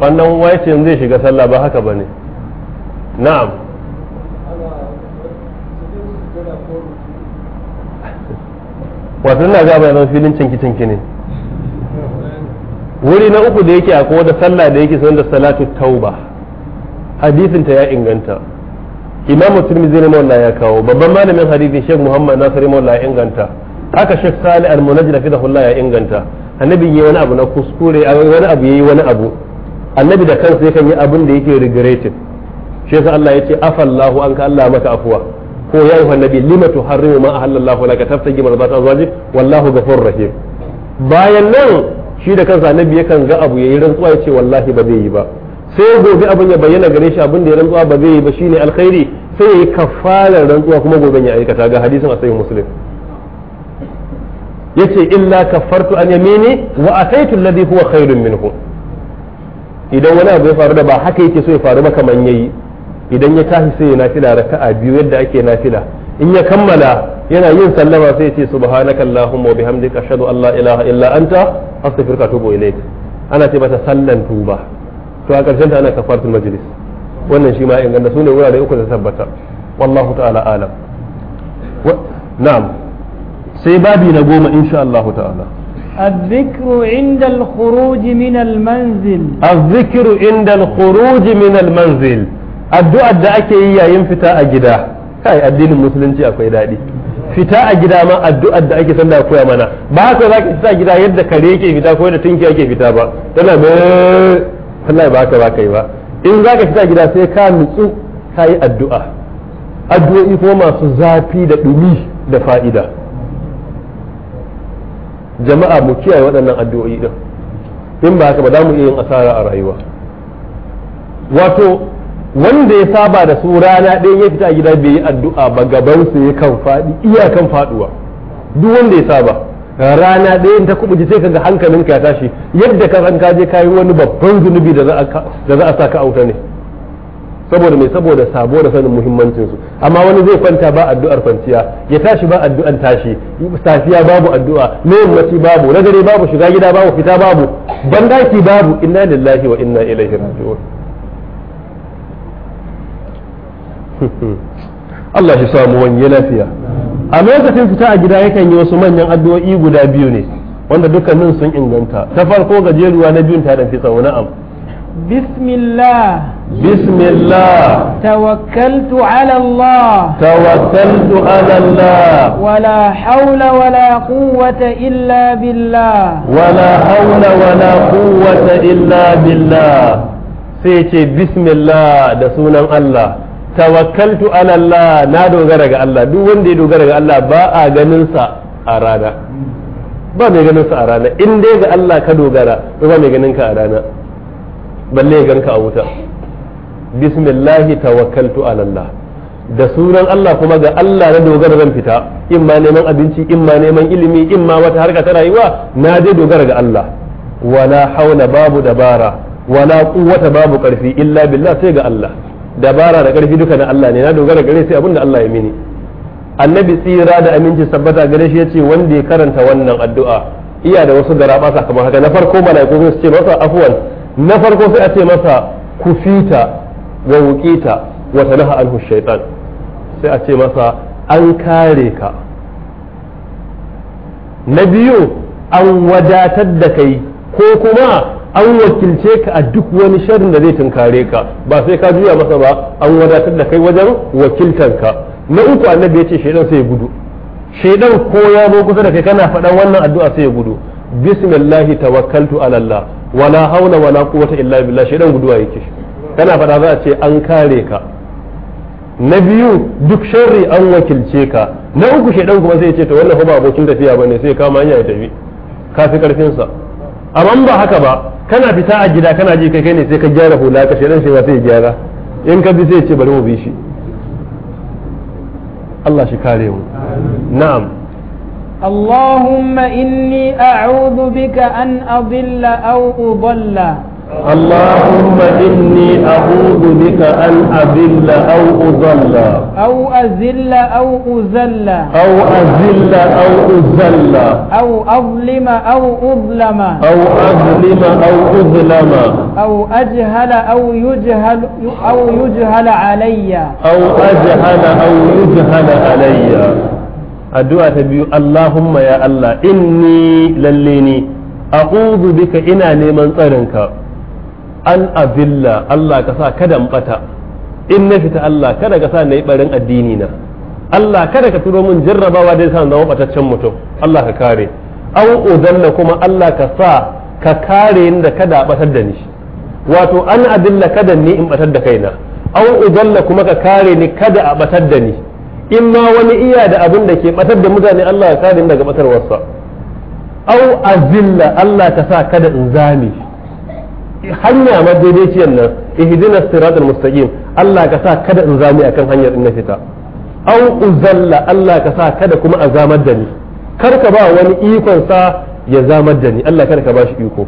wannan wace zai shiga sallah ba haka ba ne na'am wato na ga bayan filin cinki cinki ne wuri na uku da yake akwai da sallah da yake sanar da salatu tauba hadisin ta ya inganta imam zai ne maula ya kawo babban malamin hadisi sheikh muhammad nasir maula ya inganta haka shek sali almunajid hulla ya inganta annabi yayi wani abu na kuskure wani abu yayi wani abu annabi da kansa yakan yi abin da yake regretting shi yasa Allah yace afallahu anka Allah maka afuwa ko ya ayyuhan nabi lima tuharrimu ma ahallallahu laka taftagi marzata azwajik wallahu ghafurur rahim bayan nan shi da kansa annabi yakan ga abu yayi rantsuwa yace wallahi ba zai yi ba sai gobe abin ya bayyana gare shi abin da ya rantsuwa ba zai yi ba shine alkhairi sai yayi kafalar rantsuwa kuma gobe ya aikata ga hadisin asayin muslim yace illa kaffartu an yamini wa ataitu alladhi huwa khairun minhu idan wani abu ya faru da ba haka yake so ya faru ba kaman yayi idan ya tashi sai ya nafila raka'a biyu yadda ake nafila in ya kammala yana yin sallama sai ya ce subhanaka allahumma wa bihamdika ashhadu an la ilaha illa anta astaghfiruka wa atubu ilayk ana ce mata sallan tuba to a karshen ta ana kafaratul majlis wannan shi ma inganta sune wurare uku da tabbata wallahu ta'ala alam na'am sai babi na goma insha Allah ta'ala الذكر عند الخروج من المنزل الذكر عند الخروج من المنزل addu'ar da ake yi yayin fita a gida kai addinin musulunci akwai daɗi fita a gida ma addu'ar da ake sanda koya mana ba haka za ka fita a gida yadda kare yake fita ko yadda tunki yake fita ba tana ba wallahi ba haka ba kai ba in za ka fita gida sai ka nutsu ka yi addu'a addu'o'i ko masu zafi da ɗumi da fa'ida jama'a mu kiyaye waɗannan addu'o'i din in ba haka ba za mu iya yin asara a rayuwa wato wanda ya saba da su rana ɗaya ya fita a gida bai yi addu'a ba gaban su ya kan faɗi iyakan faɗuwa duk wanda ya saba rana ɗaya ta kuɓuce sai ka ga hankalinka ya tashi yadda ka san ka je kayi wani babban zunubi da za a sa ka auta ne saboda mai saboda sabo da sanin muhimmancin su amma wani zai kwanta ba addu'ar kwanciya ya tashi ba addu'an tashi safiya babu addu'a yammaci babu na dare babu shiga gida babu fita babu bandaki babu inna lillahi wa inna ilaihi raji'un *laughs* Allah shi samu wani lafiya a lokacin fita a gida yakan yi wasu manyan addu'o'i guda biyu ne wanda dukkanin sun inganta ta farko gajeruwa na biyun ta da fi tsawo na'am بسم الله بسم الله توكلت على الله توكلت على الله ولا حول ولا قوة إلا بالله ولا حول ولا قوة إلا بالله سيتي بسم الله دسونا الله توكلت على الله نادو غرق الله دو وندي دو غرق الله باء جننسا أرانا ba mai ganin sa a rana in dai ga Allah ka dogara ba mai ganin ka a rana balle ya ganka a wuta bismillahi tawakkaltu ala Allah da sunan Allah kuma ga Allah na dogara zan fita in ma neman abinci in ma neman ilimi in ma wata harka ta rayuwa na je dogara ga Allah wala haula babu dabara wala quwwata babu karfi illa billah sai ga Allah dabara da karfi duka na Allah ne na dogara gare sai abinda Allah ya mini annabi tsira da aminci sabbata gare shi yace wanda ya karanta wannan addu'a iya da wasu garaba kamar haka na farko malaiku su ce masa afwan na farko sai a ce masa kufita wa wukita wa tanaha anhu shaitan sai a ce masa an kare ka na biyu an wadatar da kai ko kuma an wakilce ka a duk wani sharrin da zai tunkare ka ba sai ka juya masa ba an wadatar da kai wajen ka. na uku annabi ya ce shaidan sai ya gudu shaidan ko ya zo kusa da kai kana faɗan wannan addu'a sai ya gudu bismillahi tawakkaltu ala Allah wala haula wala quwwata illa billah dan guduwa yake kana faɗa za a ce an kare ka na biyu duk sharri an wakilce ka na uku dan kuma zai ce to wannan ba abokin tafiya bane sai kama hanya ya tafi ka fi karfin sa amma ba haka ba kana fita a gida kana ji kai kai ne sai ka gyara hula ka shedan shi ba sai gyara in ka bi sai ce bari mu bi shi Allah shi kare mu na'am اللهم إني أعوذ بك أن أضل أو أضل اللهم إني أعوذ بك أن أذل أو أضل أو أذل أو أذل أو أذل أو أذل أو أظلم أو أظلم أو أظلم أو أظلم أو أجهل أو يجهل أو يجهل علي أو أجهل أو يجهل علي addu'a ta biyu Allahumma ya Allah inni lalle ni a'udhu bika ina neman tsarinka an abilla. Allah ka sa kada in bata in na fita Allah kada ka sa nayi barin addini na Allah kada ka turo min jarrabawa da sa zama bataccen mutum Allah ka kare aw udalla kuma Allah ka sa ka kare ni da kada batar da ni wato an abilla kada ni in batar da kaina aw udalla kuma ka kare ni kada a batar da ni in ma wani iya da abin da ke batar da mutane Allah ya kare daga batarwarsa au azilla Allah ka sa kada in zame hanya ma daidaiciyar nan ihdinas siratal mustaqim Allah ka sa kada in zame akan hanyar in na fita au uzalla Allah ka sa kada kuma a zamar da ni kar ka ba wani ikon sa ya zamar da ni Allah kada ka ba shi iko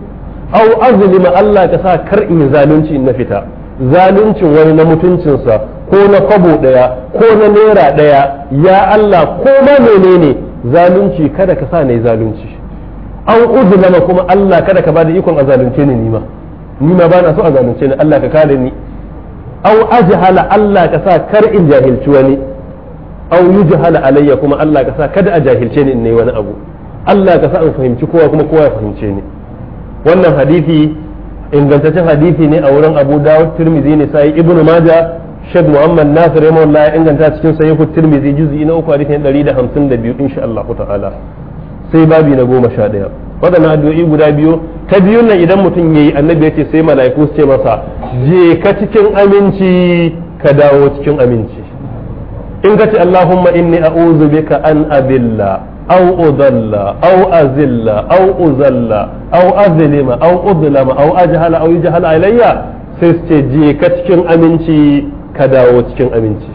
au azlima Allah ka sa kar in zalunci in na fita zaluncin wani na mutuncinsa ko na kwabo ɗaya ko na naira ɗaya ya Allah ko ma menene zalunci kada ka sa na zalunci an lama kuma Allah kada ka bada ikon a zalunce ni nima nima ba na so a zalunce ni Allah ka kare ni aw ajhala Allah ka sa kar in jahilci wani aw yujhala alayya kuma Allah ka sa kada a jahilce ni in nayi wani abu Allah ka sa in fahimci kowa kuma kowa ya fahimce ni wannan hadisi ingantaccen hadisi ne a wurin Abu Dawud Tirmidhi ne sai Ibn Majah Sheikh Muhammad Nasir ya mawalla ya inganta cikin sahihu Tirmidhi juz'i na uku a da biyu insha Allah ta'ala sai babi na goma sha ɗaya waɗannan addu'o'i guda biyu ta biyun nan idan mutum ya yi annabi ya ce sai mala'iku su ce masa je ka cikin aminci ka dawo cikin aminci in ka ce Allahumma inni a'udhu ka an abilla au udalla aw azilla aw uzalla au azlima au udlama au ajhala aw yajhala ilayya sai su ce je ka cikin aminci ka dawo cikin aminci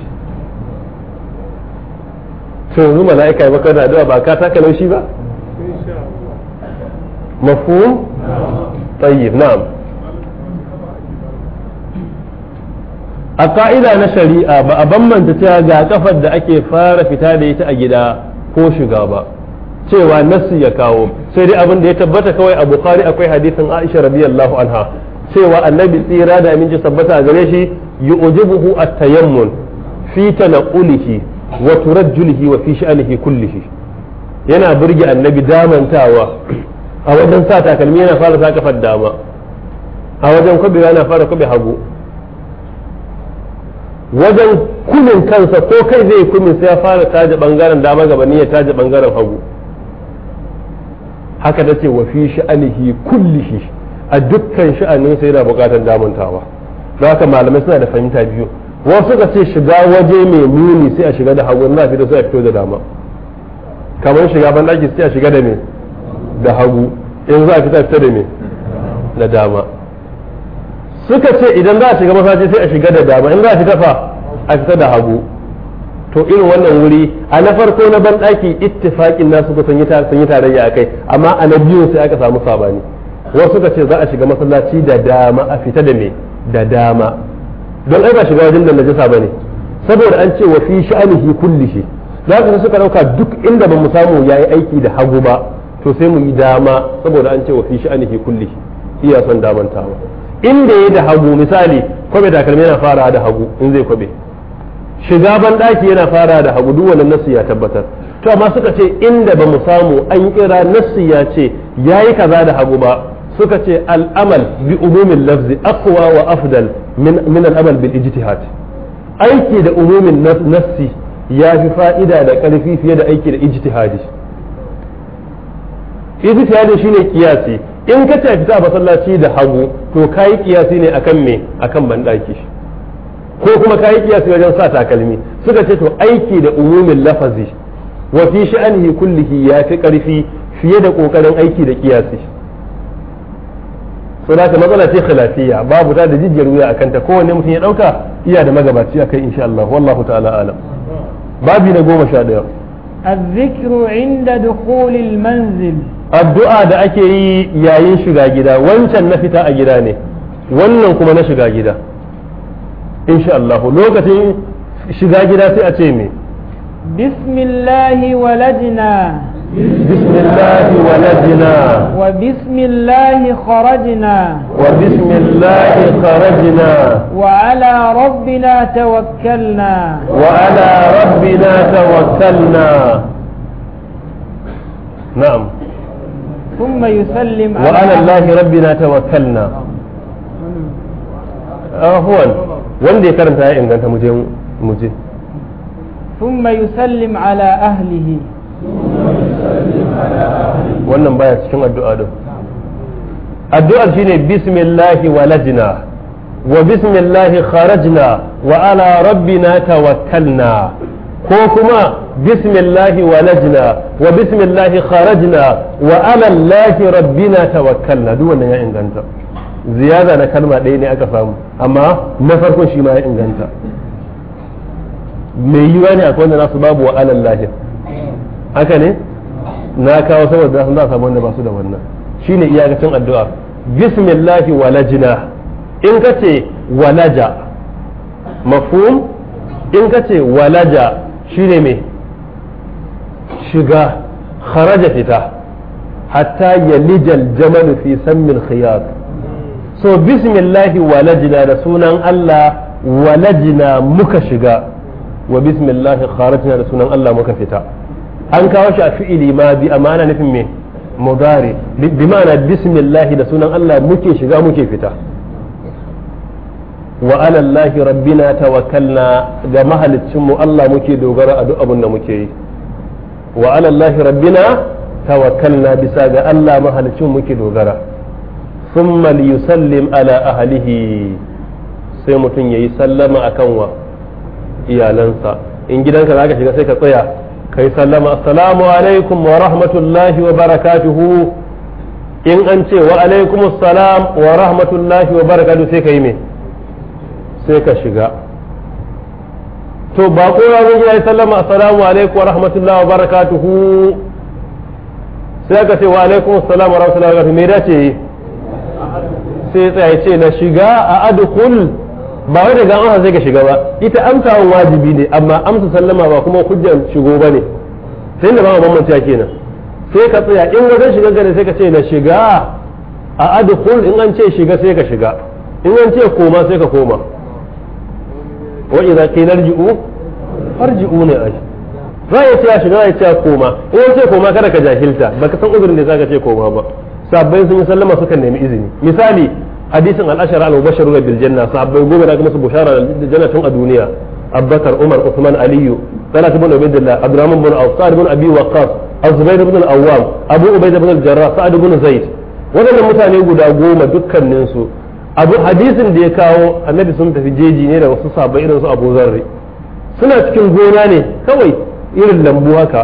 to yanzu mala'ika ya baka da ba ka taka laushi ba mafhum tayyib na'am a ka'ida na shari'a ba a bambanta cewa ga kafar da ake fara fita da ita a gida ko shiga ba cewa nasu ya kawo sai dai abin da ya tabbata kawai a bukari akwai hadisin aisha rabiyallahu anha cewa annabi tsira da aminci sabbata a gare shi يؤجبه at في تنقله وترجله وفي شأنه wa ينا برجع النبي yana تاوى annabi damantawa a wajen sa takalmi yana fara sa kafar dama a wajen kwabe yana fara hagu wajen kunin kansa ko kai zai kunin sai ya fara taje bangaren dama gaba ne ya taje bangaren hagu haka ta ce wa fi sha'anihi kullihi a dukkan sha'anin sai yana bukatar damuntawa da haka malamai suna da fahimta biyu wasu ka ce shiga waje mai muni sai a shiga da hagu za fito sai a fito da dama kamar shiga ban ɗaki sai a shiga da me da hagu in za a fita fita da me da dama suka ce idan za a shiga masaji sai a shiga da dama in za a fita fa a fita da hagu to irin wannan wuri a na farko na ban ɗaki ittifaƙin nasu ko sun yi tarayya a kai amma a na biyu sai aka samu sabani wasu ka ce za a shiga masallaci da dama a fita da me da dama don ai ba shiga wajen da najasa bane saboda an ce wa fi sha'anihi shi za su suka dauka duk inda ba mu samu yayi aiki da hagu ba to sai mu yi dama saboda an ce wa fi sha'anihi shi iya son damantawa inda yayi da hagu misali kwabe takalmi yana fara da hagu in zai kwabe shiga ban daki yana fara da hagu duk wannan nasu ya tabbatar to amma suka ce inda ba mu samu an kira nasu ya ce yayi kaza da hagu ba suka ce al'amal bi umumin lafzi akwa wa afdal min al'amal bil ijtihad aiki da umumin nassi ya fi fa'ida da ƙarfi fiye da aiki da ijtihadi ijtihadi shine kiyasi in ka tafi ta masallaci da hagu to kayi kiyasi ne akan me akan bandaki ko kuma kayi kiyasi wajen sa takalmi suka ce to aiki da umumin lafazi wa fi sha'anihi kullihi ya fi ƙarfi fiye da ƙoƙarin aiki da kiyasi to da ka matsala ce khilafiyya babu ta da jijiyar wuya akan ta kowanne mutum ya dauka iya da magabaci akai insha Allah wallahu ta'ala alam babi na goma sha daya الذكر عند دخول manzil. addu'a da ake yi yayin shiga gida wancan na fita a gida ne wannan kuma na shiga gida insha Allah lokacin shiga gida sai a ce me bismillahi walajna بسم الله ولدنا وبسم الله خرجنا وبسم الله خرجنا وعلى ربنا توكلنا وعلى ربنا توكلنا نعم ثم يسلم على وعلى الله ربنا توكلنا آه، هو wanda ya karanta ya inganta ثم يسلم على أهله wannan baya cikin addu'a din addu'ar shine bismillahi walajna wa bismillahi kharajna wa ala rabbina tawakkalna ko kuma bismillahi walajna wa bismillahi kharajna wa ala allahi rabbina tawakkalna duk wannan ya inganta ziyada na kalma ɗaya ne aka samu amma na farkon shi ma ya inganta mai yiwa ne akwai wanda nasu babu wa alallahi haka ne na kawo saboda sun za a samu wanda ba su da wannan shine iyakacin addu'a bismillahi walajina in ka ce walaja mafhum in ka ce walaja shine me shiga kharaja fita hatta yalijal jamanu fi sammil khiyar so bismillahi walajina da sunan Allah walajina muka shiga wa bismillahi kharajna da sunan Allah muka fita an kawo shi a fi'ili ma bi amma ana nufin me mudari bi ma'ana bismillah da sunan Allah muke shiga muke fita wa ala allahi rabbina tawakkalna ga mahaliccin mu Allah muke dogara a duk abin da muke yi wa ala allahi rabbina tawakkalna bisa ga Allah mahaliccin muke dogara thumma yusallim ala ahlihi sai mutum yayi sallama akan wa iyalansa in gidanka zaka shiga sai ka tsaya kai sallama assalamu alaikum wa rahmatullahi wa barakatuhu in an ce wa alaikum assalam wa rahmatullahi wa barakatuhu sai ka yi me sai ka shiga to ba ko ya zo ya sallama assalamu alaikum wa rahmatullahi wa barakatuhu sai ka ce wa alaikum assalam wa rahmatullahi wa barakatuhu me dace sai ya ce na shiga a adkhul ba wai daga amsa sai ka shiga ba ita wa wajibi ne amma amsa sallama ba kuma hujja shigo ba ne sai da ba bambanta kenan sai ka tsaya in ga shiga gare sai ka ce na shiga a adkhul in an ce shiga sai ka shiga in an ce koma sai ka koma wa idza qila rji'u farji'u ne ai za ya ce ya shiga ya ce koma in an ce koma kada ka jahilta baka san uzurin da zaka ce koma ba sabbai sun yi sallama sukan nemi izini misali hadisin al-ashar al-mubashshiru bil janna sahabbai goma da kuma su bushara da janna tun a duniya abbakar umar usman aliyu talatu bin ubaydillah abdurrahman bin auf sa'ad bin abi waqas az-zubair bin al-awwam abu ubaida bin al-jarrah sa'ad bin zayd wadannan mutane guda goma dukkanin su abu hadisin da ya kawo annabi sun tafi jeji ne da wasu sahabbai irin su abu zarri suna cikin gona ne kawai irin lambu haka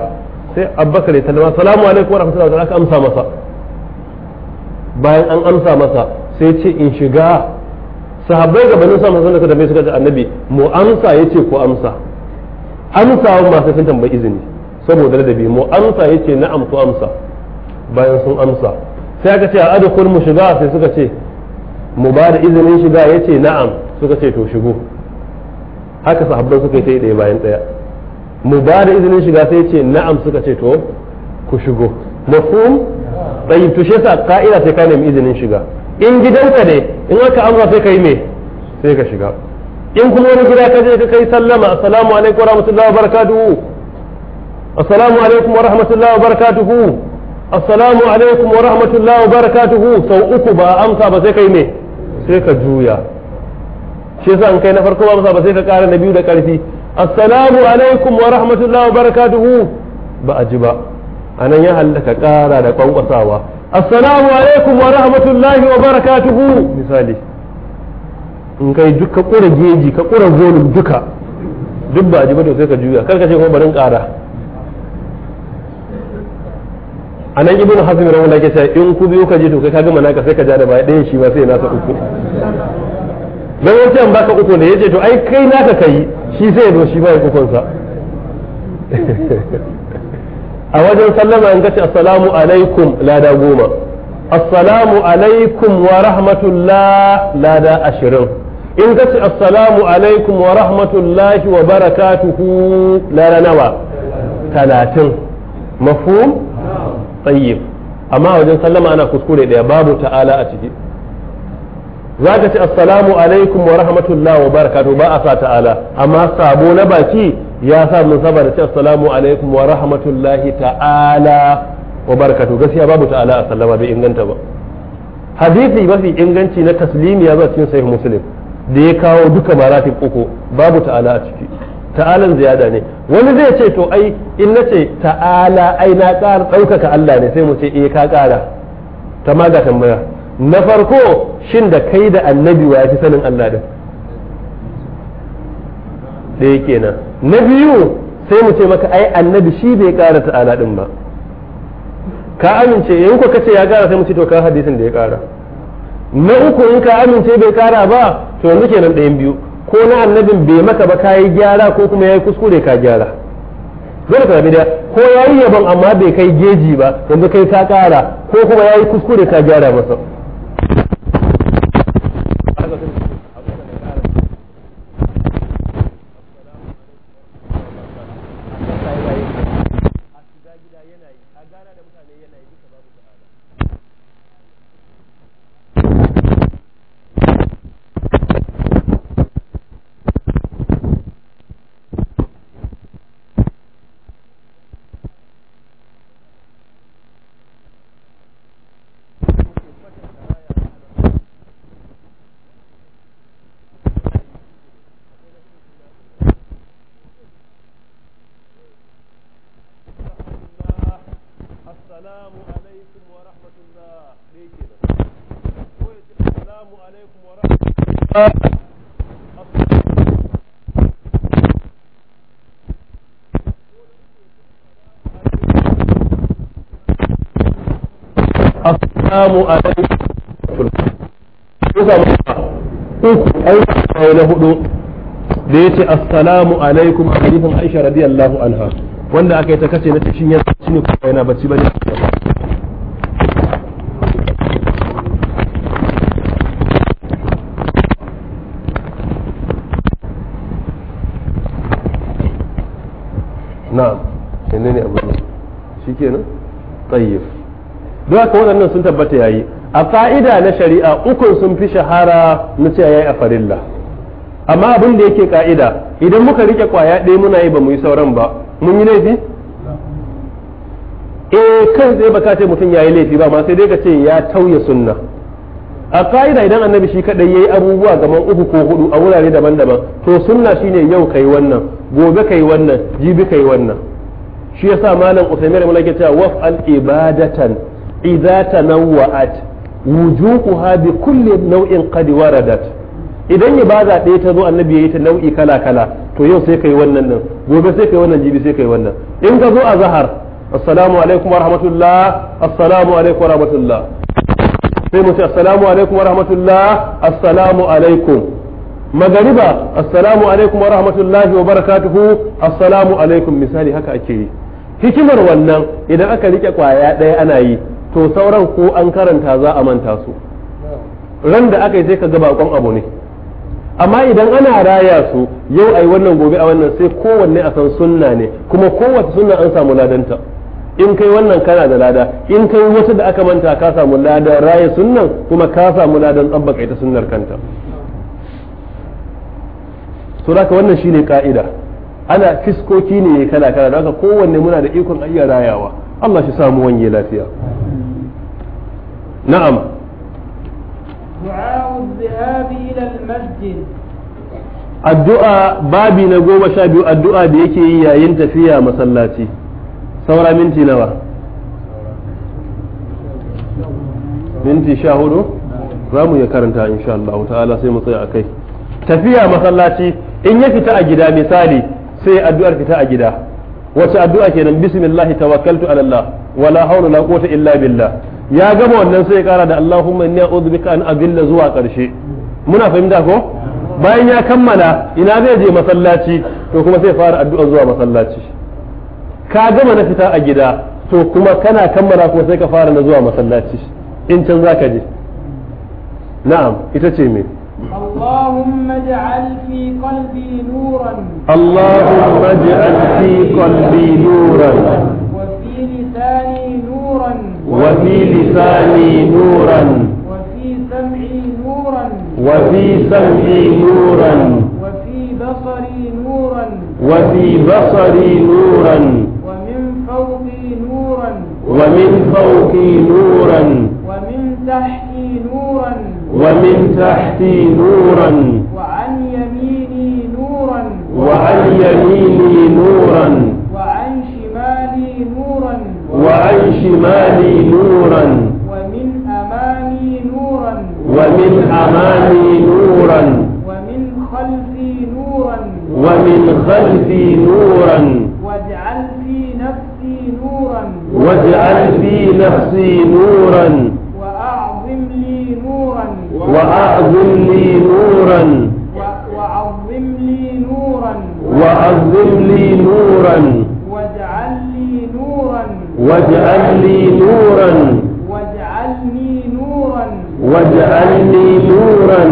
sai abbakar ya tallama salamu alaikum wa rahmatullahi wa barakatuh amsa masa bayan an amsa masa sai ce in shiga sahabbai gabanin sa manzon da mai suka ji annabi mu amsa yace ku amsa amsawa masu sun tambayi izini saboda ladabi mu amsa yace na'am ku amsa bayan sun amsa sai aka ce a adkhul mu shiga sai suka ce mu ba da izinin shiga yace na'am suka ce to shigo haka sahabban suka yi ta ɗaya bayan ɗaya mu ba da izinin shiga sai ce na'am suka ce to ku shigo mafhum tayyib sa shi ka'ida sai ka nemi izinin shiga in gidanka ne in aka amsa sai kai yi me sai ka shiga in kuma wani gida ka je ka kai sallama assalamu alaikum wa rahmatullahi wa barakatuhu assalamu alaikum wa rahmatullahi wa barakatuhu assalamu alaikum wa rahmatullahi wa barakatuhu sau uku ba amsa ba sai kai yi me sai ka juya shi yasa in kai na farko ba amsa ba sai ka kara na biyu da karfi assalamu alaikum wa rahmatullahi wa barakatuhu ba a ji ba anan ya hallaka kara da kwankwasawa assalamu alaikum wa rahmatullahi wa barakatuhu misali in kai duka kura geji ka kura volume duka duk ba ji ba to sai ka juya kar ka ce kuma barin ƙara a nan ibn hazm rahimahullah ke cewa in ku biyo ka je to kai ka gama naka sai ka ja da baya ɗayan shi ba sai nasa uku dan wancan baka uku ne yace to ai kai naka kai shi sai ya zo shi ba ya ukun sa *laughs* a wajen sallama in kace assalamu alaikum lada goma assalamu alaikum wa rahmatullah lada ashirin in kace assalamu alaikum wa rahmatullahi wa barakatuhu lada nawa talatin mafhum tayyib amma wajen sallama ana kuskure daya babu ta'ala a ciki za ka ce assalamu alaikum wa rahmatullah wa barakatuhu ba a sa ta'ala amma sabo na baki ya sa mun saba da ce assalamu alaikum wa rahmatullahi ta'ala wa barakatuh gaskiya babu ta'ala a sallama bai inganta ba hadisi mafi inganci na taslimi ya zo cikin sahih muslim da ya kawo duka maratib uku babu ta'ala a ciki ta'alan ziyada ne wani zai ce to ai in nace ta'ala ai na ƙara ɗaukaka Allah ne sai mu ce eh ka ƙara ta ma tambaya na farko shin da kai da annabi wa ya fi sanin Allah din ɗaya kenan na biyu sai mu ce maka ai annabi shi bai kara ta'ala din ba ka amince yayin ko kace ya kara sai mu ce to ka hadisin da ya kara na uku in ka amince bai kara ba to yanzu kenan ɗayan biyu ko na annabin bai maka ba ka gyara ko kuma ya kuskure ka gyara dole ka da ko yayi yabon amma bai kai geji ba yanzu kai ka kara ko kuma yayi kuskure ka gyara masa samu a na hudu da ya ce assalamu a aisha radiyallahu wanda aka yi ta kace na cikin shi ne kuma yana don haka waɗannan sun tabbata yayi a fa'ida na shari'a ukun sun fi shahara na cewa yayi a farilla amma abin da yake ka'ida idan muka rike kwaya ɗaya muna yi ba mu yi sauran ba mun yi laifi eh kai zai baka ce mutum yayi laifi ba ma sai dai ka ce ya tauye sunna a ka'ida idan annabi shi kadai yayi abubuwa gaban uku ko hudu a wurare daban-daban to sunna shine yau kai wannan gobe kai wannan jibi kai wannan shi yasa malam Uthaymeen rahimahullah ce cewa al ibadatan idza tanawwa'at wujuhuha bi kulli nau'in qad waradat idan ibada ɗaya ta zo annabi yi ta nau'i kala kala to yau sai kai wannan nan gobe sai kai wannan jibi sai kai wannan in ka zo a zahar assalamu alaikum wa rahmatullah assalamu alaikum wa rahmatullah sai mu ce assalamu alaikum wa rahmatullah assalamu alaikum magariba assalamu alaikum wa wa barakatuhu assalamu alaikum misali haka ake yi hikimar wannan idan aka rike kwaya ɗaya ana yi to sauran ko an karanta za a manta su ran da aka yi sai ka ga bakon abu ne amma idan ana raya su yau ai wannan gobe a wannan sai kowanne a san sunna ne kuma kowace sunna an samu ladanta in kai wannan kana da lada in kai wata da aka manta ka samu ladan raya sunnan kuma ka samu ladan tsabbaka ita sunnar kanta to haka wannan shine ka'ida ana fiskoki ne kala kala don haka kowanne muna da ikon iya rayawa Allah shi samu wanye lafiya na'am addu'a babi na goma sha biyu addu'a da yake yi yayin tafiya masallaci saura minti nawa minti sha hudu za mu iya karanta insha Allah ta'ala sai mu tsaya a kai tafiya masallaci in ya fita a gida misali sai addu'ar fita a gida wace addu'a kenan bismillahi tawakkaltu ala Allah wala hawla la quwwata illa billah ya gama wannan sai ya kara da Allahumma inni a'udhu bika an adilla zuwa karshe muna fahimta ko bayan ya kammala ina zai je masallaci to kuma sai fara addu'a zuwa masallaci ka gama na fita a gida to kuma kana kammala kuma sai ka fara na zuwa masallaci in can zaka je na'am ita ce me اللهم اجعل في قلبي نورا اللهم اجعل في قلبي نورا وفي لساني نورا وفي لساني نورا وفي سمعي نورا وفي سمعي نورا وفي بصري نورا وفي بصري نورا ومن فوقي نورا ومن فوقي نورا ومن تحتي نورا ومن تحتي نورا وعن يميني نورا وعن يميني نورا وعن شمالي نورا وعن شمالي نورا ومن أمامي نورا ومن أمامي نورا ومن خلفي نورا ومن خلفي نورا واجعل في نفسي نورا واجعل في نفسي نورا وأعظم لي نورا وأعظم لي نورا وأعظم لي نورا واجعل لي نورا واجعل لي نورا واجعلني نورا واجعلني نورا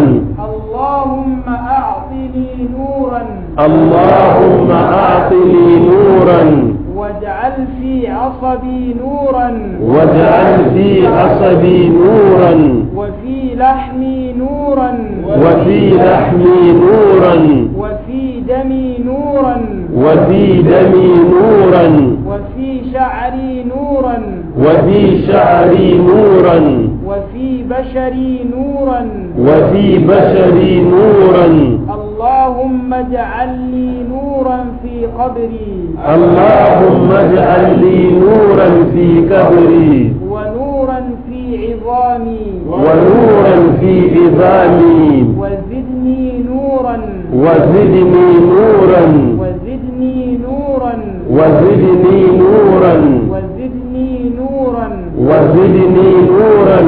اللهم أعطني نورا اللهم أعطني نورا واجعل في عصبي نورا واجعل في عصبي نورا وفي لحمي نورا وفي لحمي نورا وفي دمي نورا وفي دمي نورا وفي شعري نورا وفي شعري نورا وفي بشري نورا وفي بشري نورا اللهم اجعل لي نورا في قبري اللهم اجعل لي نورا في قبري ونورا في عظامي ونورا في عظامي وزدني نورا وزدني نورا وزدني نورا وزدني نورا وزدني نورا وزدني نورا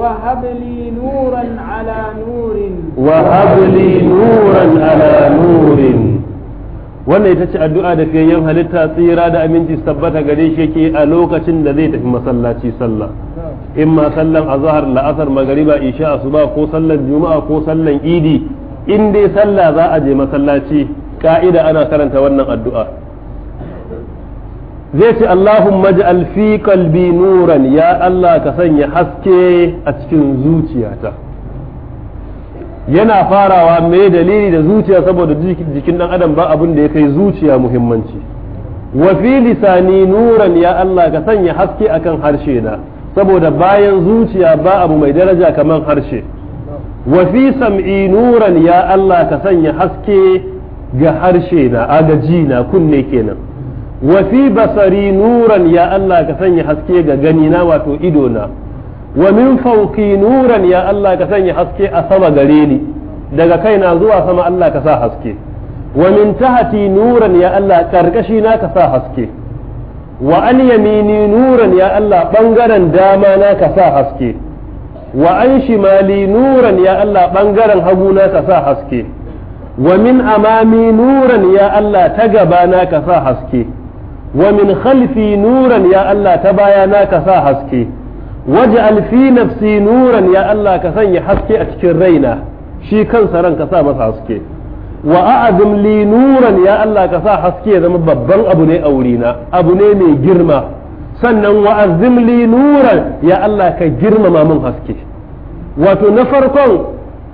وهب لي نورا على نور وهب لي wannan ita ce addu'a da fiyayyen halitta tsira da aminci tabbata gare shi yake a lokacin da zai tafi masallaci sallah in ma sallan azhar la'asar magariba isha asuba ko sallan juma'a ko sallan idi in dai sallah za a je masallaci ka'ida ana karanta wannan addu'a zai ce Allahumma maji fi qalbi nuran ya Allah ka sanya haske a cikin zuciyata yana farawa mai dalili da zuciya saboda jikin dan adam ba abin da ya kai zuciya muhimmanci wa fi lisani nuran ya Allah ka sanya haske akan harshe na saboda bayan zuciya ba abu mai daraja kamar harshe wa fi sam'i nuran ya Allah ka sanya haske ga harshe na agaji na kunne kenan wa fi basari nuran ya Allah ka sanya haske ga gani na wato ido na wa min fawqi nuran ya Allah ka sanya haske a sama gare ni daga kaina zuwa sama Allah ka sa haske wa min tahti nuran ya Allah karkashi na ka sa haske wa an yamini nuran ya Allah bangaren dama na ka sa haske wa an shimali nuran ya Allah bangaren hagu na ka sa haske wa min amami nuran ya Allah ta gaba na ka sa haske wa min khalfi nuran ya Allah ta baya na ka sa haske waje fi nafsi nuran ya Allah ka sanya haske a cikin raina shi kansa ran sa masa haske wa a'azim li nuran ya Allah ka sa haske ya zama babban abu ne a wurina abu ne mai girma sannan wa azim li nuran ya Allah ka girmama min haske wato na farkon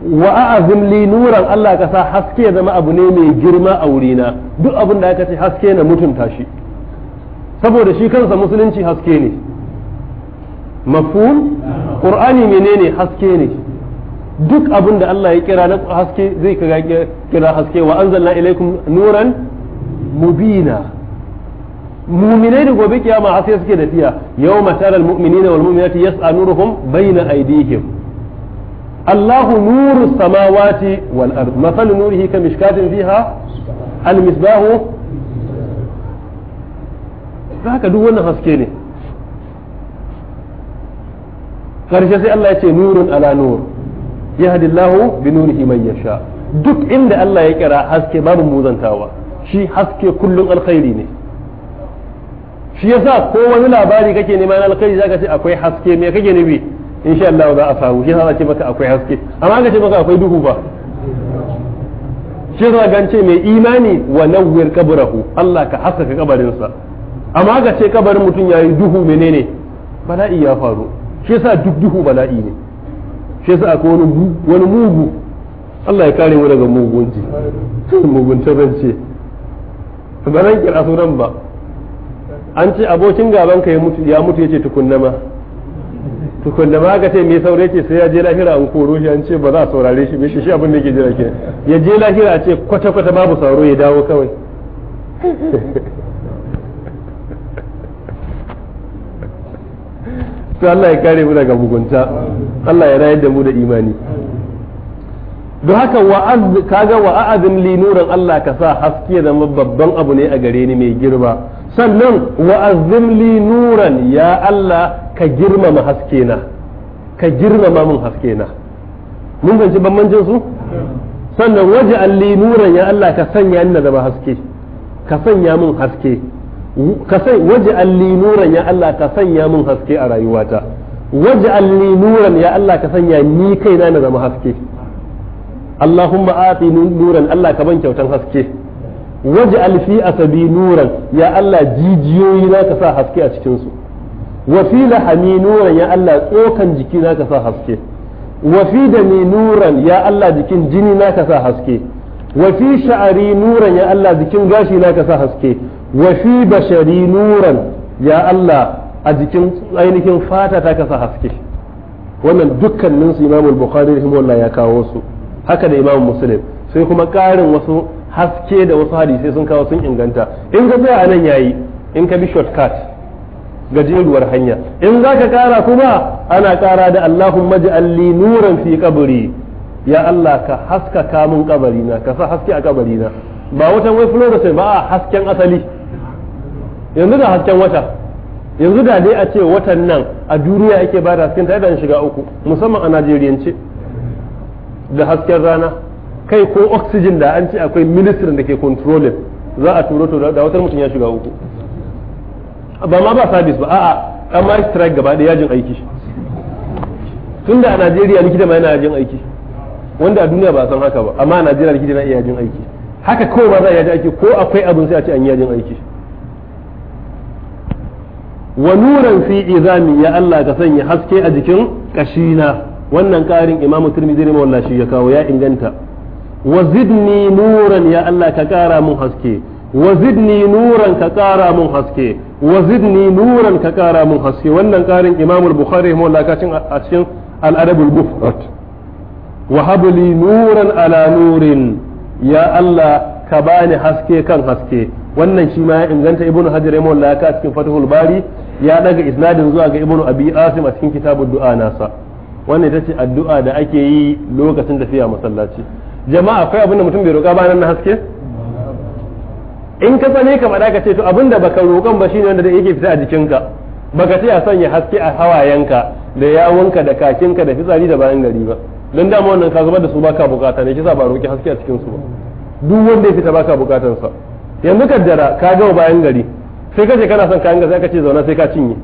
wa a'azim li nuran Allah ka sa haske ya zama abu ne mai girma a wurina duk abin da aka ce haske na mutunta shi saboda shi kansa musulunci haske ne mafhum qur'ani menene haske ne duk abin da Allah ya kira na haske zai kaga kira haske wa anzalna ilaykum nuran mubina muminai da gobe kiyama haske suke tafiya yawma tara mu'minina wal mu'minati yas'a nuruhum bayna aydihim الله نور السماوات والأرض مثل نوره كمشكاة فيها المصباح haka duk wannan haske ne karshe sai Allah ya ce nurun ala nur yahdillahu bi nurihi man yasha duk inda Allah ya kira haske babu muzantawa shi haske kullun alkhairi ne shi yasa ko wani labari kake nema na alkhairi zaka ce akwai haske me kake nufi insha Allah za a samu shi yasa ce maka akwai haske amma ka ce maka akwai duhu ba shi yasa gance mai imani wa nawwir kabarahu Allah ka haskaka kabarinsa amma ka ce kabarin mutum yayi duhu menene bala'i ya faru shi yasa duk duhu bala'i ne shi yasa akwai wani wani mugu Allah ya kare mu daga mugunci *laughs* mugunta rance ba ran kira sunan ba an ce abokin gaban ka ya mutu ya mutu yace tukunnama tukunnama ga aka ce me saurayi ce sai ya je lahira an koro shi an ce ba za a saurare shi me shi abin da yake jira ke ya je lahira a ce kwata kwata babu sauro ya dawo kawai *laughs* to Allah ya kare mu daga mugunta Allah ya rayar da mu da imani don haka wa'az kaga wa'azin li nuran Allah ka sa haske da babban abu ne a gare ni mai girma sannan wa'azin li nuran ya Allah ka girmama haske na ka girmama mun haske na mun ganci bambancin su sannan waje li nuran ya Allah ka sanya ni na zama haske ka sanya mun haske ka sai waje alli nuran ya Allah ka sanya mun haske a rayuwata waje alli nuran ya Allah ka sanya ni kaina na zama haske Allahumma ati nuran Allah ka ban kyautan haske waje alfi asabi nuran ya Allah jijiyoyi na ka sa haske a cikin su wa fi lahami nuran ya Allah tsokan jiki na ka sa haske wa fi dami nuran ya Allah jikin jini na ka sa haske wa fi sha'ari nuran ya Allah jikin gashi na ka sa haske wafi bashari nuran ya Allah a jikin ainihin fata ta kasa haske wannan dukkanin su imamul bukhari rahimahullah ya kawo su haka da imam musulun sai kuma ƙarin wasu haske da wasu hadisai sun kawo sun inganta in ka tsaya anan yayi in ka bi shortcut gajeruwar hanya in za ka ƙara kuma ana kara da allahumma alli nuran fi kabri ya Allah ka haskaka min kabarina ka sa haske a na ba wata wai fluorescent ba a hasken asali yanzu da hasken wata yanzu da dai a ce watan nan a duniya yake ba da hasken ta da shiga uku musamman a najeriyance da hasken rana kai ko oxygen da an ce akwai ministrin da ke controlling za a turo da watan mutum ya shiga uku ba ma ba sabis ba a'a an ma strike gaba da yajin aiki tun da a Najeriya likita ma yana yajin aiki wanda a duniya ba san haka ba amma a Najeriya likita na iya yajin aiki haka kawai ba za a yajin aiki ko akwai abin sai a ce an yajin aiki wa nuran fi izami ya Allah ka sanya haske a jikin kashina wannan karin imamu tirmidhi ne wallahi shi ya kawo ya inganta wa zidni nuran ya Allah ka kara mun haske wa zidni nuran ka kara mun haske wa zidni nuran ka kara mun haske wannan karin imamu bukhari wallahi ka cin a cikin al wa habli nuran ala nurin ya Allah ka bani haske kan haske wannan shi ma ya inganta ibnu hajar ya mawalla ka a cikin fatahul bari ya daga isnadin zuwa ga ibnu abi asim a cikin kitabud du'a nasa wannan ita ce addu'a da ake yi lokacin tafiya masallaci jama'a akwai abin da mutum bai roƙa ba nan na haske in ka sani ka faɗa ka ce to abin da baka roƙan ba shine wanda yake fita a jikinka baka ce a sanya haske a hawayenka da yawunka da kakinka da fitsari da bayan gari ba don dama wannan ka zubar da su baka bukata ne kisa ba roƙi haske a cikin su ba duk wanda ya fita baka bukatansa sa yanzu dara ka ga bayan gari sai kace kana son kayan gasa ka ce zauna sai ka cinye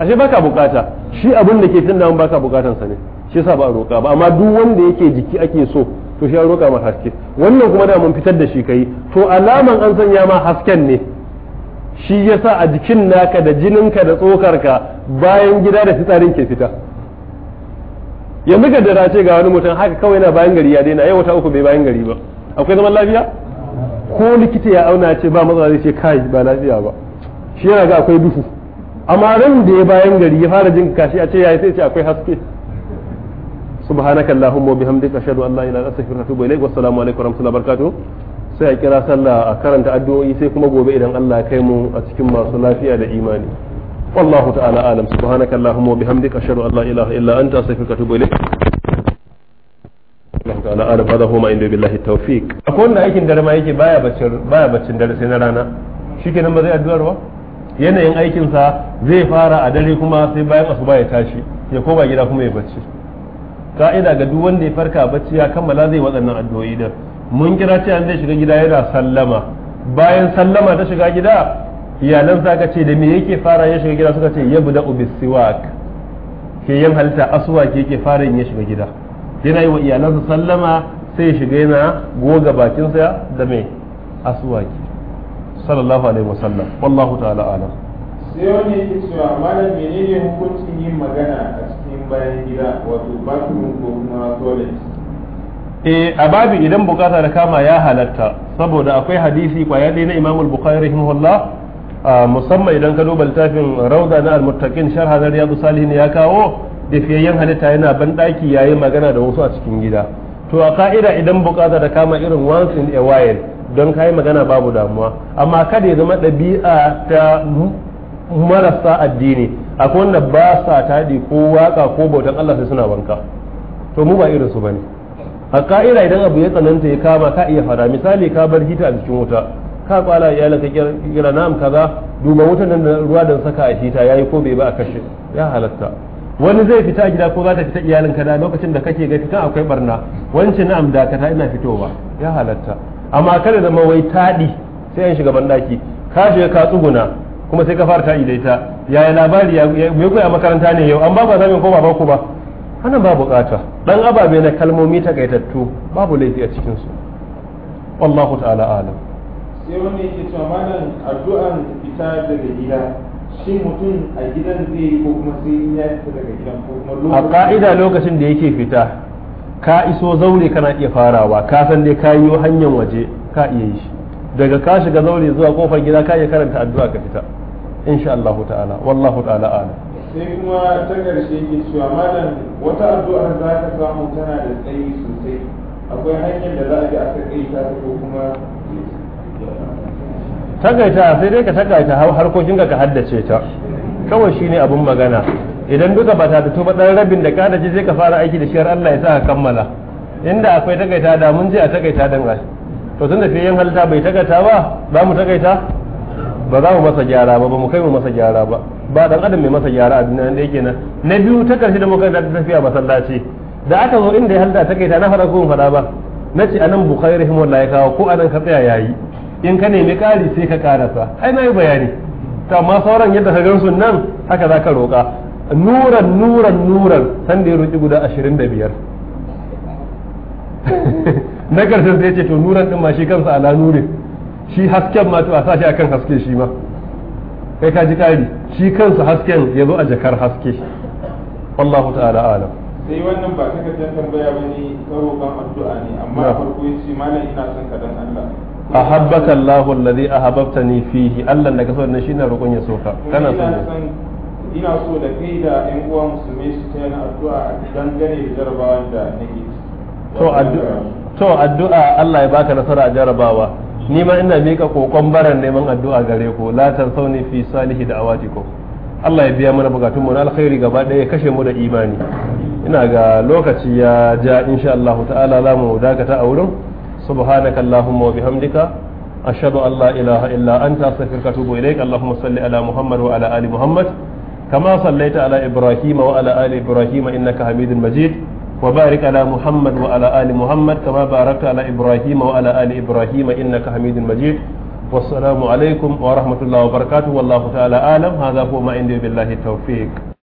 ashe baka bukata shi abin da ke tun da baka bukatan sa ne shi yasa ba a roka ba amma duk wanda yake jiki ake so to shi an roka ma haske wannan kuma da mun fitar da shi kai to alaman an sanya ma hasken ne shi yasa a jikin naka da jinin ka da tsokarka bayan gida da fitsarin ke fita yanzu ka dara ce ga wani mutum haka kawai na bayan gari ya daina yau wata uku bai bayan gari ba akwai zaman lafiya ko likita ya auna ce ba matsala zai ce kai ba lafiya ba shi yana ga akwai duhu amma ran da ya bayan gari ya fara jin kashi a ce yayi sai ce akwai haske subhanaka allahumma bihamdika ashhadu an la ilaha illa anta astaghfiruka wa atubu wa assalamu alaikum wa rahmatullahi wa barakatuh sai a kira sallah a karanta addu'o'i sai kuma gobe idan Allah ya kai mu a cikin masu lafiya da imani wallahu ta'ala alam subhanaka allahumma wa bihamdika ashhadu an la ilaha illa anta astaghfiruka wa atubu Allah ta'ala arfa da huma inda billahi tawfiq akwai wanda aikin dare ma yake baya baccin baya baccin dare sai na rana shikenan ba zai addu'ar ba yanayin aikin sa zai fara a dare kuma sai bayan asuba ya tashi ya koma gida kuma ya bacci ka'ida ga duk wanda ya farka bacci ya kammala zai wadannan addu'o'i da mun kira ce an zai shiga gida yana sallama bayan sallama ta shiga gida iyalan sa ka ce da me yake fara ya shiga gida suka ce yabda ubisiwak ke yin halitta asuwa ke yake fara ya shiga gida yana yi wa iyalansa sallama sai ya shiga yana goga bakinsa da mai asuwaki sallallahu alaihi wasallam wallahu ta'ala alam sai wani yake cewa malam menene hukuncin yin magana a cikin bayan gida wato bathroom ko kuma toilet eh a babi idan bukata da kama ya halatta saboda akwai hadisi kwaya dai na Imam al-Bukhari rahimahullah ah, musamman idan ka duba littafin Rauda na al-Muttaqin sharh na Riyadu Salihin ya kawo da fiyayyen halitta yana ban daki yayi magana da wasu a cikin gida to a ka'ida idan bukata da kama irin once in a while don kayi magana babu damuwa amma kada ya zama ɗabi'a ta marasa addini akwai wanda ba sa taɗi ko waka ko bautan Allah sai suna wanka to mu ba irin su bane a ka'ida idan abu ya tsananta ya kama ka iya fada misali ka bar hita a cikin wuta ka kwala ya laka kira na'am kaza duba wutan nan da ruwa da saka a hita yayi ko bai ba a kashe ya halatta wani zai fita gida ko za ta fita iyalin kada lokacin da kake ga fitan akwai barna wancin na'am ta ina fitowa ya halatta amma kada zama wai taɗi sai an shiga bandaki ka shiga ka tsuguna kuma sai ka fara taɗi da ita yaya labari ya me koya makaranta ne yau an ba ba zamin ko ba ku ba hana ba bukata dan ababe na kalmomi takaitattu babu laifi a cikin su wallahu ta'ala alam sai wani yake cewa malam addu'an fita daga gida shi mutum a gidan zai yi ko kuma sai ya fita daga gidan ko kuma a ka'ida lokacin da yake fita ka iso zaure kana iya farawa ka san dai ka yi hanyar waje ka iya yi shi daga ka shiga zaure zuwa kofar gida ka iya karanta addu'a ka fita insha Allah ta'ala wallahu ta'ala ala sai kuma ta karshe ke cewa malam wata addu'ar za ka samu tana da tsayi sosai akwai hanyar da za a bi a kai ta ko kuma takaita sai dai ka takaita harkokin ka ka haddace ta kawai shine abun magana idan duka ba ta fito dan rabin da ka ji sai ka fara aiki da shiyar Allah ya sa ka kammala inda akwai takaita da mun je a takaita dan ai to tun da fiyen halitta bai takaita ba za mu takaita ba za mu masa gyara ba ba mu kai mu masa gyara ba ba dan adam mai masa gyara a duniya da yake nan na biyu ta karshe da muka da tafiya masallaci da aka zo inda ya halitta takaita na fara ko mun fada ba nace anan bukhari rahimahullah ya kawo ko anan ka tsaya yayi in ka nemi ƙari sai ka ƙarasa ai na yi bayani ta amma sauran yadda ka su nan haka za ka roƙa nuran nuran nuran san da ya roƙi guda ashirin da biyar *laughs* na ƙarshen sai ce to nuran ɗin ma shi kansa ala nurin shi hasken ma to a sa shi akan haske shi ma kai ka ji ƙari shi kansa hasken ya zo a jakar haske wallahu ta'ala alam sai wannan ba takardar tambaya bane karoban addu'a ne amma farko yace malam ina son ka dan Allah ahabbaka Allahu alladhi ahabbtani fihi Allah da so ne shine rukun ya soka kana so ne ina so da kai da ƴan uwa musulmi su tana addu'a dan gane da da nake to addu'a to addu'a Allah ya baka nasara a jarabawa ni ma ina mika kokon baran neman addu'a gare ku la sauni fi salihi da awatikum Allah ya biya mana bukatun mu na alkhairi gaba ɗaya kashe mu da imani ina ga lokaci ya ja insha Allah ta'ala za mu dakata a wurin subhanaka allahumma wa bihamdika ashhadu an la ilaha illa anta astaghfiruka wa atubu ilaik allahumma salli ala muhammad wa ala ali muhammad كما صليت على إبراهيم وعلى آل إبراهيم إنك حميد مجيد وبارك على محمد وعلى آل محمد كما باركت على إبراهيم وعلى آل إبراهيم إنك حميد مجيد والسلام عليكم ورحمة الله وبركاته والله تعالى أعلم هذا هو ما عندي بالله التوفيق